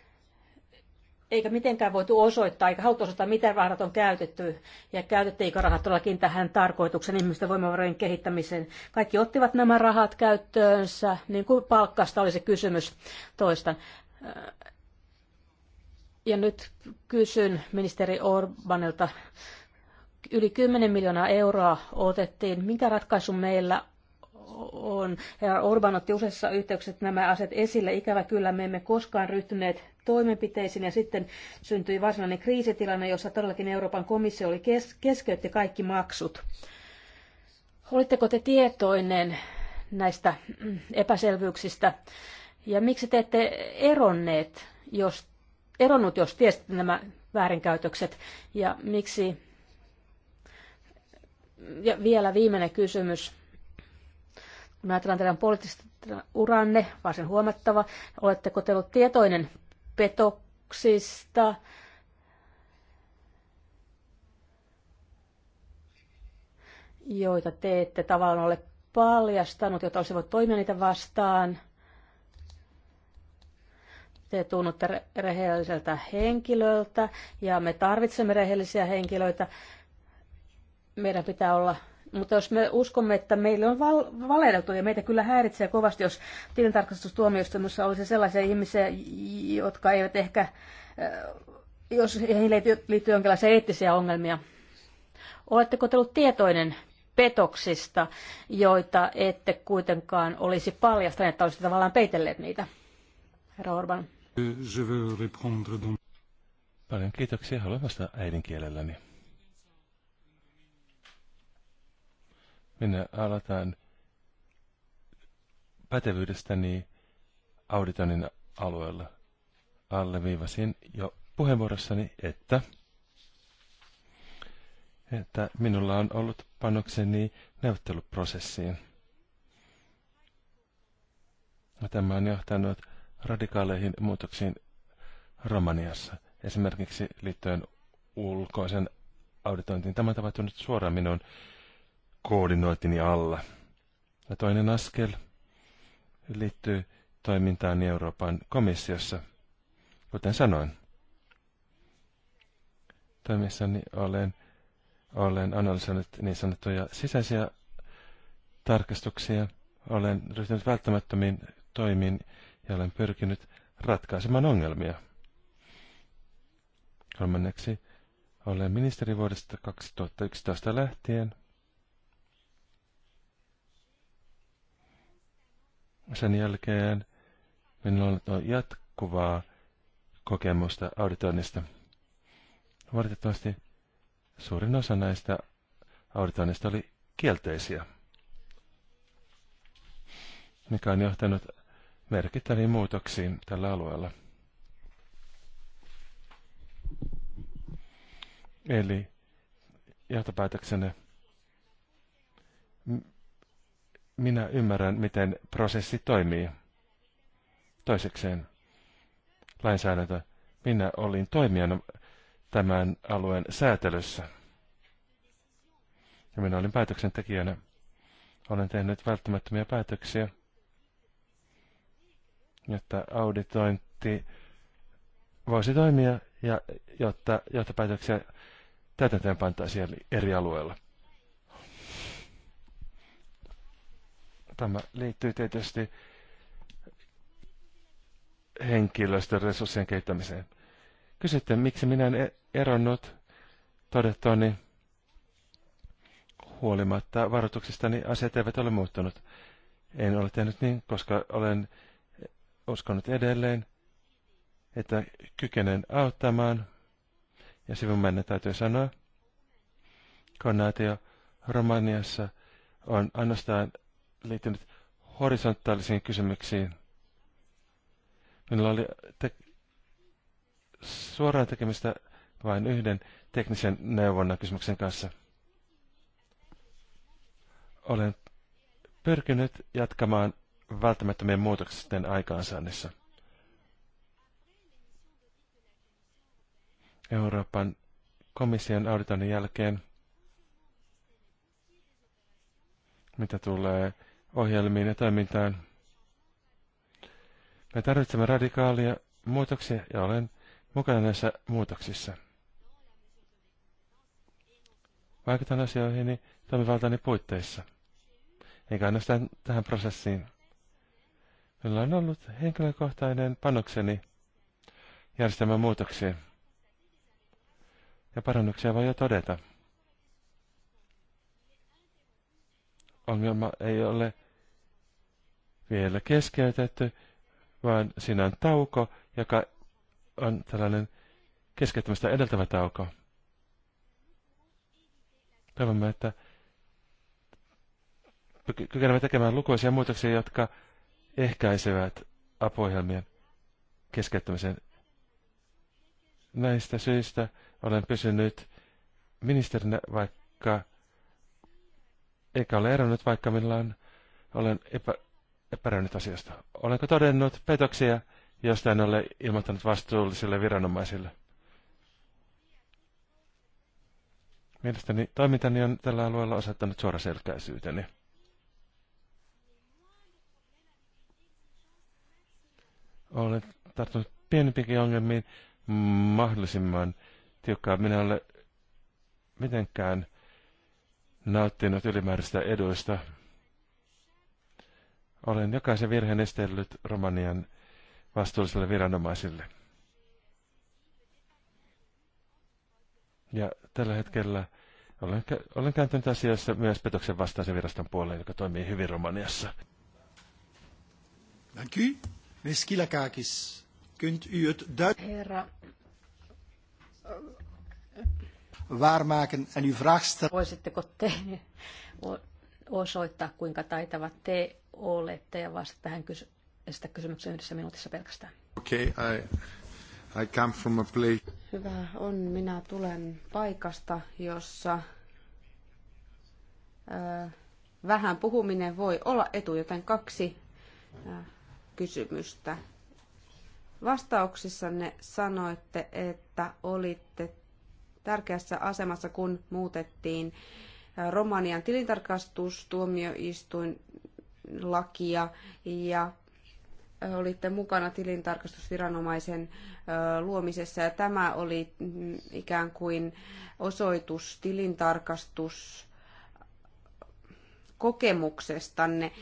eikä mitenkään voitu osoittaa, eikä haluttu osoittaa, miten rahat on käytetty ja käytettiinkö rahat todellakin tähän tarkoituksen ihmisten voimavarojen kehittämiseen. Kaikki ottivat nämä rahat käyttöönsä, niin kuin palkkasta oli se kysymys toistan. Ja nyt kysyn ministeri Orbanilta, yli 10 miljoonaa euroa otettiin. Mikä ratkaisu meillä on? Herra Orban otti useissa yhteyksissä nämä asiat esille. Ikävä kyllä me emme koskaan ryhtyneet toimenpiteisiin ja sitten syntyi varsinainen kriisitilanne, jossa todellakin Euroopan komissio oli kes- keskeytti kaikki maksut. Oletteko te tietoinen näistä epäselvyyksistä ja miksi te ette eronneet, jos, eronnut, jos tiesitte nämä väärinkäytökset ja miksi ja vielä viimeinen kysymys. Kun ajatellaan teidän poliittista uranne, varsin huomattava, oletteko te ollut tietoinen petoksista, joita te ette tavallaan ole paljastanut, jotta olisivat toimia niitä vastaan. Te tunnutte rehelliseltä henkilöltä ja me tarvitsemme rehellisiä henkilöitä. Meidän pitää olla mutta jos me uskomme, että meillä on val- valehdeltu ja meitä kyllä häiritsee kovasti, jos tilintarkastustuomioistuimessa olisi sellaisia ihmisiä, jotka eivät ehkä, äh, jos heihin liittyy jonkinlaisia eettisiä ongelmia. Oletteko te ollut tietoinen petoksista, joita ette kuitenkaan olisi paljastaneet, että olisitte tavallaan peitelleet niitä? Herra Orban. Paljon kiitoksia. Haluan vastata äidinkielelläni. Minä alataan pätevyydestäni auditoinnin alueella. Alleviivasin jo puheenvuorossani, että, että minulla on ollut panokseni neuvotteluprosessiin. Tämä on johtanut radikaaleihin muutoksiin Romaniassa, esimerkiksi liittyen ulkoisen auditointiin. Tämä on tapahtunut suoraan minun koordinoitini alla. Ja toinen askel liittyy toimintaan Euroopan komissiossa, kuten sanoin. Toimissani olen, olen analysoinut niin sanottuja sisäisiä tarkastuksia, olen ryhtynyt välttämättömiin toimiin ja olen pyrkinyt ratkaisemaan ongelmia. Kolmanneksi olen ministeri vuodesta 2011 lähtien – sen jälkeen minulla on jatkuvaa kokemusta auditoinnista. Valitettavasti suurin osa näistä auditoinnista oli kielteisiä, mikä on johtanut merkittäviin muutoksiin tällä alueella. Eli johtopäätöksenne minä ymmärrän, miten prosessi toimii. Toisekseen, lainsäädäntö. Minä olin toimijana tämän alueen säätelyssä. Ja minä olin päätöksentekijänä. Olen tehnyt välttämättömiä päätöksiä, jotta auditointi voisi toimia ja jotta jotta päätöksiä täytäntöön pantaisiin eri alueilla. Tämä liittyy tietysti henkilöstön resurssien kehittämiseen. Kysytte, miksi minä en e- eronnut todettoni huolimatta niin asiat eivät ole muuttunut. En ole tehnyt niin, koska olen uskonut edelleen, että kykenen auttamaan. Ja mennä täytyy sanoa, konaatio Romaniassa on ainoastaan liittynyt horisontaalisiin kysymyksiin. Minulla oli te- suoraan tekemistä vain yhden teknisen neuvonnan kysymyksen kanssa. Olen pyrkinyt jatkamaan välttämättömien muutoksisten aikaansaannissa. Euroopan komission auditoinnin jälkeen, mitä tulee ohjelmiin ja toimintaan. Me tarvitsemme radikaalia muutoksia ja olen mukana näissä muutoksissa. Vaikutan asioihin toimivaltani puitteissa, eikä ainoastaan tähän prosessiin. Minulla on ollut henkilökohtainen panokseni järjestelmän muutoksia. Ja parannuksia voi jo todeta. Ongelma ei ole vielä keskeytetty, vaan siinä on tauko, joka on tällainen keskeyttämistä edeltävä tauko. Toivomme, että kykenemme tekemään lukuisia muutoksia, jotka ehkäisevät apuohjelmien keskeyttämisen. Näistä syistä olen pysynyt ministerinä, vaikka eikä ole eronnut, vaikka millään olen epä, epäröinyt asiasta. Olenko todennut petoksia, josta en ole ilmoittanut vastuullisille viranomaisille? Mielestäni toimintani on tällä alueella osoittanut suoraselkäisyyteni. Olen tarttunut pienempiinkin ongelmiin mahdollisimman tiukkaan. Minä olen mitenkään nauttinut ylimääräistä eduista. Olen jokaisen virheen estellyt Romanian vastuullisille viranomaisille. Ja tällä hetkellä olen, olen kääntynyt asiassa myös petoksen vastaisen viraston puoleen, joka toimii hyvin Romaniassa. Herra... Waarmaken en uw vraag stellen... Voisitteko te osoittaa, kuinka taitavat te olette ja vastata tähän kysy- sitä kysymykseen yhdessä minuutissa pelkästään. Okay, I, I come from a place. Hyvä on. Minä tulen paikasta, jossa ö, vähän puhuminen voi olla etu, joten kaksi ö, kysymystä. Vastauksissanne sanoitte, että olitte tärkeässä asemassa, kun muutettiin Romanian tilintarkastustuomioistuinlakia ja olitte mukana tilintarkastusviranomaisen luomisessa ja tämä oli mm, ikään kuin osoitus tilintarkastus kokemuksestanne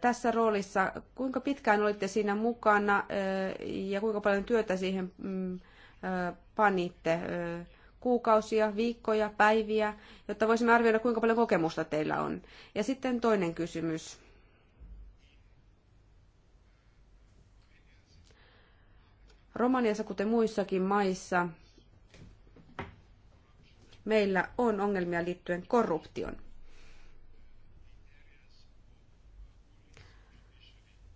tässä roolissa. Kuinka pitkään olitte siinä mukana ja kuinka paljon työtä siihen mm, panitte? kuukausia, viikkoja, päiviä, jotta voisimme arvioida, kuinka paljon kokemusta teillä on. Ja sitten toinen kysymys. Romaniassa, kuten muissakin maissa, meillä on ongelmia liittyen korruption.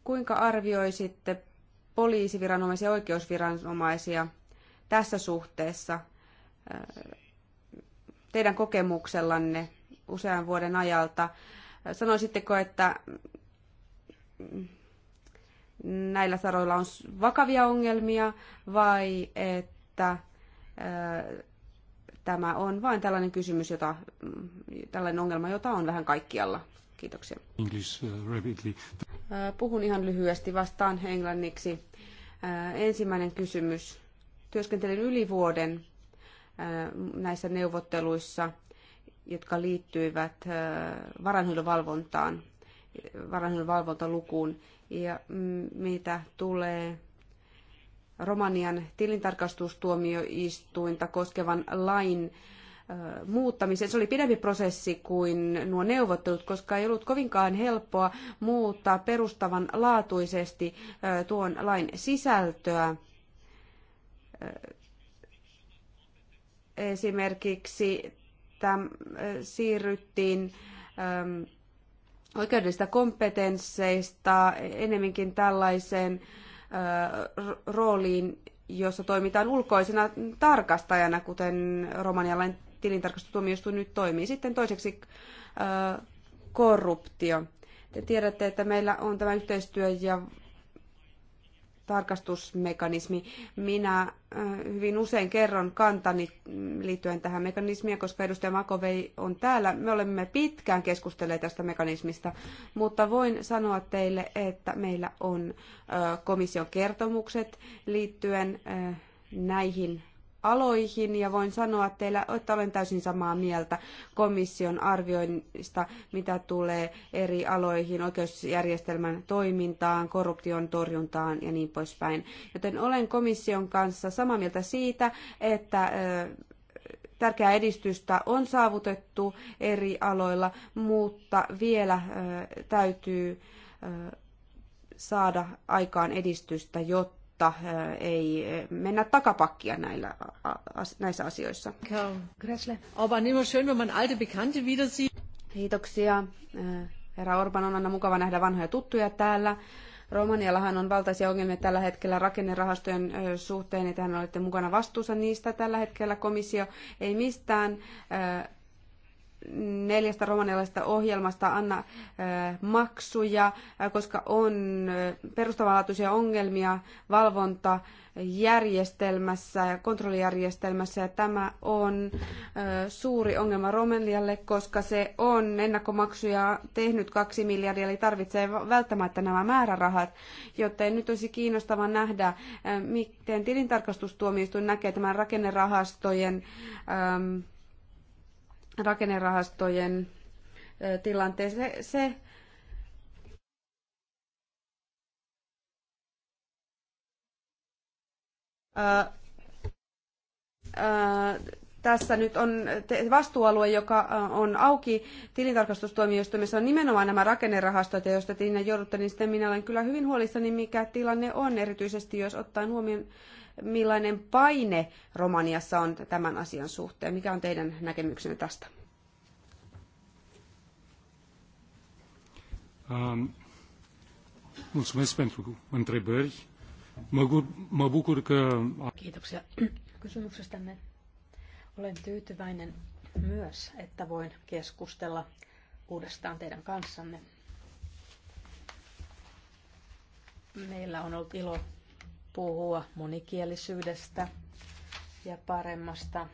Kuinka arvioisitte poliisiviranomaisia ja oikeusviranomaisia tässä suhteessa teidän kokemuksellanne usean vuoden ajalta. Sanoisitteko, että näillä saroilla on vakavia ongelmia vai että äh, tämä on vain tällainen kysymys, jota, tällainen ongelma, jota on vähän kaikkialla. Kiitoksia. English, uh, rapidly. Äh, puhun ihan lyhyesti, vastaan englanniksi. Äh, ensimmäinen kysymys. Työskentelin yli vuoden näissä neuvotteluissa, jotka liittyivät varainhoidon varainhoidonvalvontalukuun. Ja mm, mitä tulee Romanian tilintarkastustuomioistuinta koskevan lain muuttamiseen. Se oli pidempi prosessi kuin nuo neuvottelut, koska ei ollut kovinkaan helppoa muuttaa perustavan laatuisesti tuon lain sisältöä Esimerkiksi täm, äh, siirryttiin äm, oikeudellisista kompetensseista enemminkin tällaiseen ä, äh, rooliin, jossa toimitaan ulkoisena tarkastajana, kuten romanialainen tilintarkastustuomioistuin nyt toimii. Sitten toiseksi ä, äh, korruptio. Te tiedätte, että meillä on tämä yhteistyö- ja tarkastusmekanismi. Minä äh, hyvin usein kerron kantani liittyen tähän mekanismiin, koska edustaja Makovei on täällä. Me olemme pitkään keskustelleet tästä mekanismista, mutta voin sanoa teille, että meillä on äh, komission kertomukset liittyen äh, näihin aloihin ja voin sanoa teillä, että olen täysin samaa mieltä komission arvioinnista, mitä tulee eri aloihin, oikeusjärjestelmän toimintaan, korruption torjuntaan ja niin poispäin. Joten olen komission kanssa samaa mieltä siitä, että tärkeää edistystä on saavutettu eri aloilla, mutta vielä täytyy saada aikaan edistystä, jotta mutta ei mennä takapakkia näillä, näissä asioissa. Kiitoksia. Herra Orban on aina mukava nähdä vanhoja tuttuja täällä. Romaniallahan on valtaisia ongelmia tällä hetkellä rakennerahastojen suhteen, ja tähän olette mukana vastuussa niistä tällä hetkellä. Komissio ei mistään neljästä romanialaisesta ohjelmasta anna maksuja, koska on perustavanlaatuisia ongelmia valvontajärjestelmässä ja kontrollijärjestelmässä. Ja tämä on suuri ongelma Romanialle, koska se on ennakkomaksuja tehnyt kaksi miljardia, eli tarvitsee välttämättä nämä määrärahat, joten nyt olisi kiinnostava nähdä, miten tilintarkastustuomioistuin näkee tämän rakennerahastojen rakennerahastojen tilanteeseen. Se, ää, ää, tässä nyt on vastuualue, joka on auki tilintarkastustoimijoistumissa, on nimenomaan nämä rakennerahastot, ja jos te joudutte, niin sitten minä olen kyllä hyvin huolissani, mikä tilanne on, erityisesti jos ottaen huomioon millainen paine Romaniassa on tämän asian suhteen? Mikä on teidän näkemyksenne tästä? Um, mulțumesc pentru întrebări. Mă, mă bucur că... Kiitoksia kysymyksestänne. Olen tyytyväinen myös, että voin keskustella uudestaan teidän kanssanne. Meillä on ollut ilo puhua monikielisyydestä ja paremmasta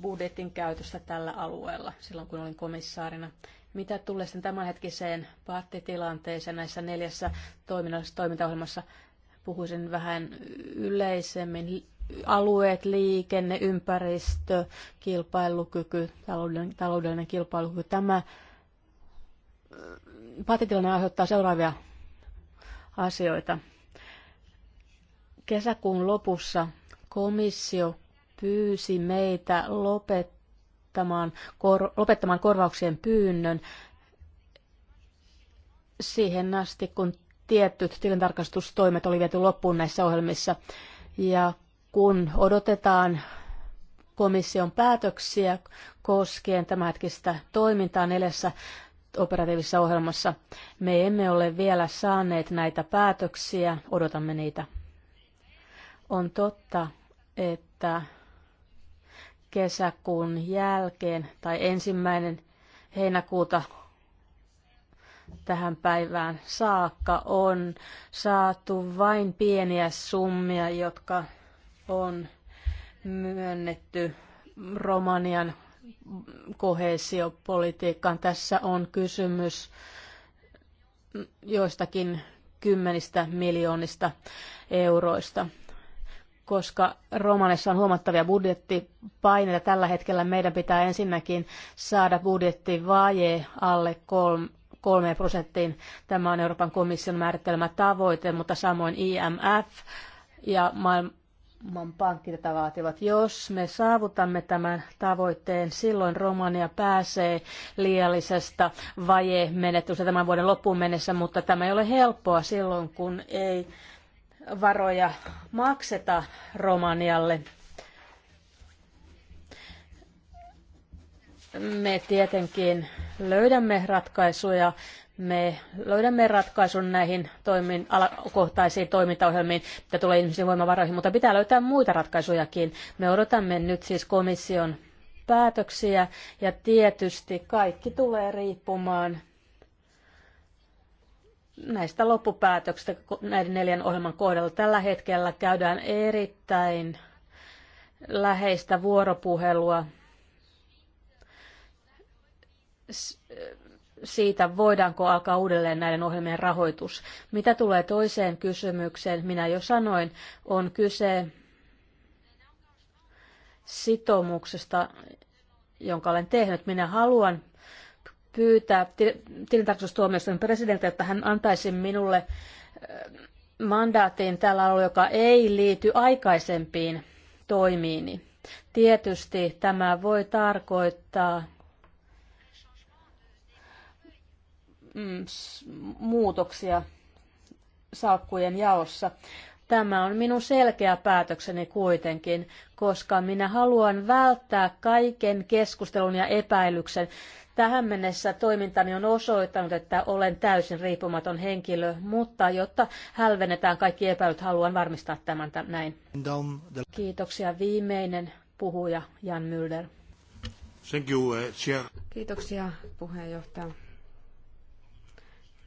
budjetin käytöstä tällä alueella silloin, kun olin komissaarina. Mitä tulee sitten tämänhetkiseen paattitilanteeseen näissä neljässä toiminnallisessa toimintaohjelmassa, puhuisin vähän yleisemmin. Alueet, liikenne, ympäristö, kilpailukyky, taloudellinen, taloudellinen kilpailukyky. Tämä äh, paattitilanne aiheuttaa seuraavia asioita. Kesäkuun lopussa komissio pyysi meitä lopettamaan, kor, lopettamaan korvauksien pyynnön siihen asti, kun tietyt tilintarkastustoimet oli viety loppuun näissä ohjelmissa. Ja kun odotetaan komission päätöksiä koskien tämänhetkistä toimintaa neljässä operatiivisessa ohjelmassa, me emme ole vielä saaneet näitä päätöksiä, odotamme niitä on totta, että kesäkuun jälkeen tai ensimmäinen heinäkuuta tähän päivään saakka on saatu vain pieniä summia, jotka on myönnetty Romanian kohesiopolitiikkaan. Tässä on kysymys joistakin kymmenistä miljoonista euroista koska Romanissa on huomattavia budjettipaineita tällä hetkellä. Meidän pitää ensinnäkin saada vaje alle kolme, prosenttiin. Tämä on Euroopan komission määrittelemä tavoite, mutta samoin IMF ja maailman pankki tätä vaativat. Jos me saavutamme tämän tavoitteen, silloin Romania pääsee liiallisesta vajemenetystä tämän vuoden loppuun mennessä, mutta tämä ei ole helppoa silloin, kun ei varoja makseta Romanialle. Me tietenkin löydämme ratkaisuja me löydämme ratkaisun näihin toimin, alakohtaisiin toimintaohjelmiin, mitä tulee ihmisiin voimavaroihin, mutta pitää löytää muita ratkaisujakin. Me odotamme nyt siis komission päätöksiä ja tietysti kaikki tulee riippumaan näistä loppupäätöksistä näiden neljän ohjelman kohdalla. Tällä hetkellä käydään erittäin läheistä vuoropuhelua siitä, voidaanko alkaa uudelleen näiden ohjelmien rahoitus. Mitä tulee toiseen kysymykseen, minä jo sanoin, on kyse sitoumuksesta, jonka olen tehnyt. Minä haluan pyytää tilintarkastustuomioistuimen presidentiltä, että hän antaisi minulle äh, mandaatin tällä alueella, joka ei liity aikaisempiin toimiini. Tietysti tämä voi tarkoittaa mm, muutoksia salkkujen jaossa. Tämä on minun selkeä päätökseni kuitenkin, koska minä haluan välttää kaiken keskustelun ja epäilyksen Tähän mennessä toimintani on osoittanut, että olen täysin riippumaton henkilö, mutta jotta hälvennetään kaikki epäilyt, haluan varmistaa tämän näin. Kiitoksia. Viimeinen puhuja Jan Müller. Thank you, eh, chair. Kiitoksia puheenjohtaja.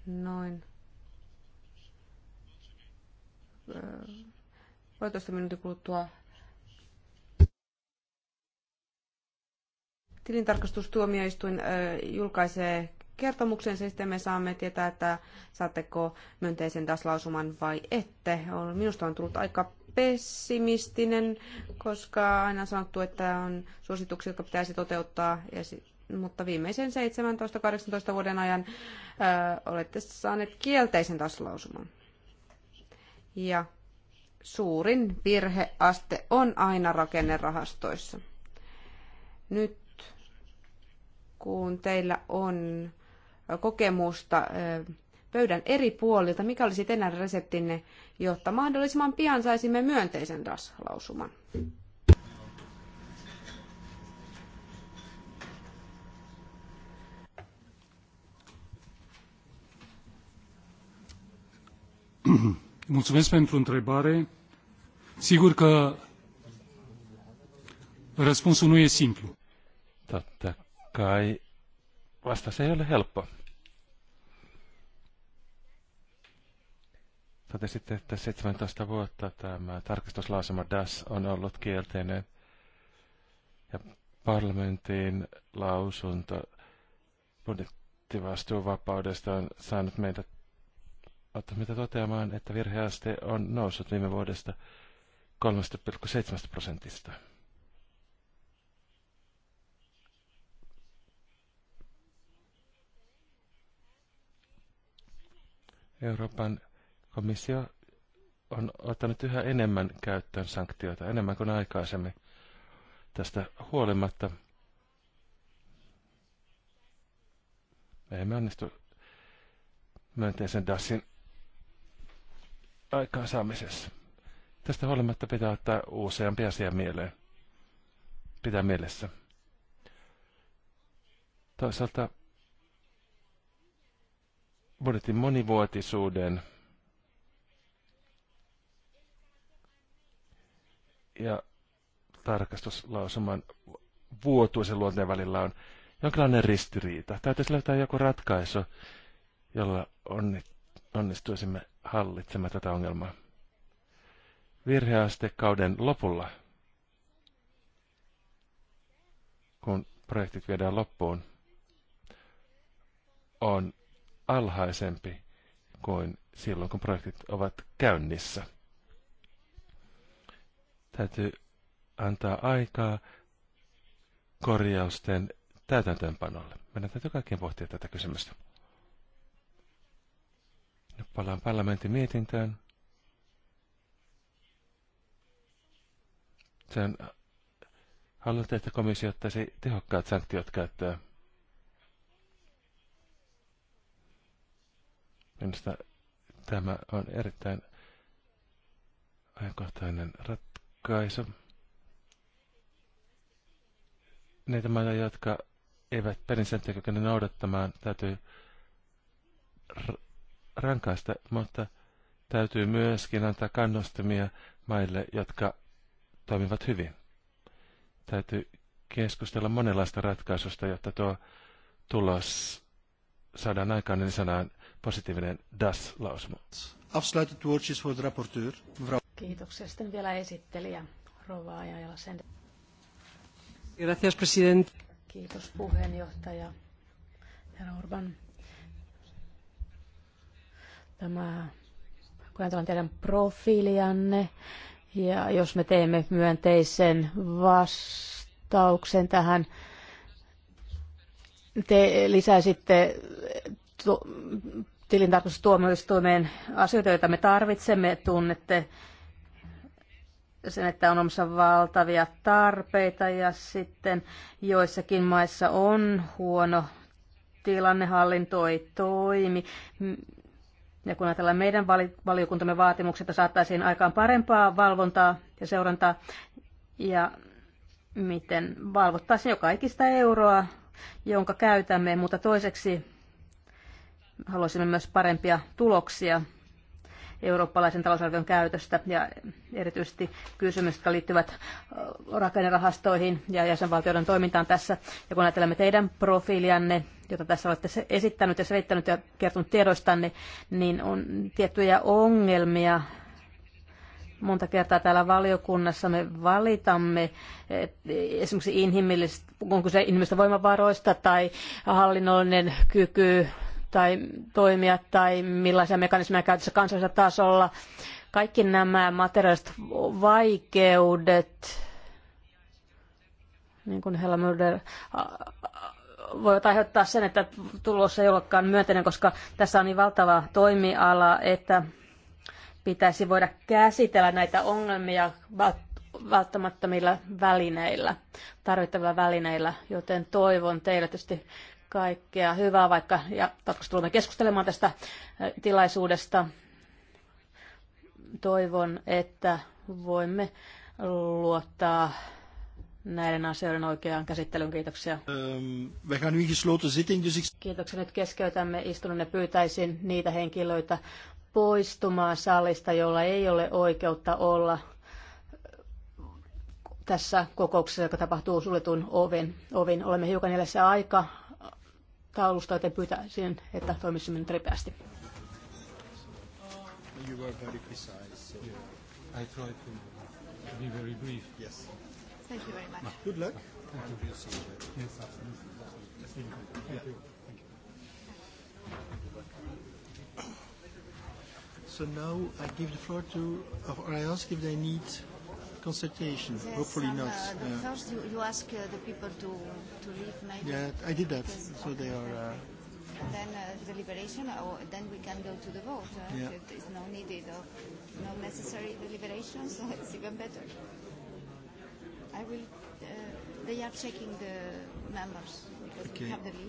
Noin. Puolitoista minuutin kuluttua Tilintarkastustuomioistuin julkaisee kertomuksen, sitten me saamme tietää, että saatteko myönteisen taslausuman lausuman vai ette. Minusta on tullut aika pessimistinen, koska aina on sanottu, että on suosituksia, jotka pitäisi toteuttaa, ja mutta viimeisen 17-18 vuoden ajan ö, olette saaneet kielteisen taslausuman. lausuman Ja suurin virheaste on aina rakennerahastoissa. Nyt kun teillä on kokemusta pöydän eri puolilta, mikä olisi teidän reseptinne, jotta mahdollisimman pian saisimme myönteisen DAS-lausuman? Mulțumesc pentru întrebare. Sigur că răspunsul nu e simplu. da kai vastaus ei ole helppo. Totesitte, että 17 vuotta tämä tarkastuslausema DAS on ollut kielteinen ja parlamentin lausunto budjettivastuuvapaudesta on saanut meitä, ottaa mitä toteamaan, että virheaste on noussut viime vuodesta 3,7 prosentista. Euroopan komissio on ottanut yhä enemmän käyttöön sanktioita, enemmän kuin aikaisemmin. Tästä huolimatta me emme onnistu myönteisen DASin aikaansaamisessa. Tästä huolimatta pitää ottaa useampi asia mieleen. Pitää mielessä. Toisaalta budjetin monivuotisuuden ja tarkastuslausuman vuotuisen luonteen välillä on jonkinlainen ristiriita. Täytyisi löytää joku ratkaisu, jolla onnistuisimme hallitsemaan tätä ongelmaa. Virheaste kauden lopulla, kun projektit viedään loppuun, on alhaisempi kuin silloin, kun projektit ovat käynnissä. Täytyy antaa aikaa korjausten täytäntöönpanolle. Meidän täytyy kaikkien pohtia tätä kysymystä. Nyt palaan parlamentin mietintöön. Sen haluatte, että komissio ottaisi tehokkaat sanktiot käyttöön. Minusta tämä on erittäin ajankohtainen ratkaisu. Niitä maita, jotka eivät pelisääntöjä kykene noudattamaan, täytyy rankaista, mutta täytyy myöskin antaa kannustimia maille, jotka toimivat hyvin. Täytyy keskustella monenlaista ratkaisusta, jotta tuo tulos saadaan aikaan, niin saadaan positiivinen DAS-lausuma. Afsluitet woordjes voor de rapporteur, mevrouw. Kiitoksia. Sitten vielä esittelijä Rova Ajajala Sende. Gracias, president. Kiitos puheenjohtaja herra Urban. Tämä, kun ajatellaan teidän profiilianne, ja jos me teemme myönteisen vastauksen tähän, te lisäisitte tu- tilintarkastustuomioistuimeen asioita, joita me tarvitsemme. Tunnette sen, että on omissa valtavia tarpeita ja sitten joissakin maissa on huono tilannehallinto ei toimi. Ja kun ajatellaan meidän valiokuntamme vaatimukset, että saattaisiin aikaan parempaa valvontaa ja seurantaa ja miten valvottaisiin jo kaikista euroa, jonka käytämme, mutta toiseksi haluaisimme myös parempia tuloksia eurooppalaisen talousarvion käytöstä ja erityisesti kysymykset, jotka liittyvät rakennerahastoihin ja jäsenvaltioiden toimintaan tässä. Ja kun ajattelemme teidän profiilianne, jota tässä olette esittänyt ja selittänyt ja kertonut tiedoistanne, niin on tiettyjä ongelmia monta kertaa täällä valiokunnassa me valitamme esimerkiksi inhimilliset, onko se inhimillisistä voimavaroista tai hallinnollinen kyky tai toimia tai millaisia mekanismeja käytössä kansallisella tasolla. Kaikki nämä materiaaliset vaikeudet, niin kuin Hella Murder, voi aiheuttaa sen, että tulos ei olekaan myönteinen, koska tässä on niin valtava toimiala, että pitäisi voida käsitellä näitä ongelmia välttämättömillä välineillä, tarvittavilla välineillä, joten toivon teille tietysti kaikkea hyvää, vaikka ja toivottavasti tulemme keskustelemaan tästä tilaisuudesta. Toivon, että voimme luottaa näiden asioiden oikeaan käsittelyyn. Kiitoksia. Ähm, Kiitoksia. Nyt keskeytämme istunnon ja pyytäisin niitä henkilöitä poistumaan salista, jolla ei ole oikeutta olla tässä kokouksessa, joka tapahtuu suljetun oven. ovin. Olemme hiukan edessä aika taulusta, joten pyytäisin, että toimisimme nyt ripeästi. You were very precise. Yeah. I to be very brief. Yes. Thank you very much. Good luck. Thank you. Yes, absolutely. Thank you. Thank you. Thank you. So now I give the floor to, or I ask if they need consultation. Yes, Hopefully not. Uh, the yeah. First, you, you ask uh, the people to, to leave, maybe. Yeah, I did that. so okay, they are. Uh, and then uh, deliberation, or then we can go to the vote. Uh, yeah. There is no needed or no necessary deliberation, so it's even better. I will. Uh, they are checking the members because okay. we have the list.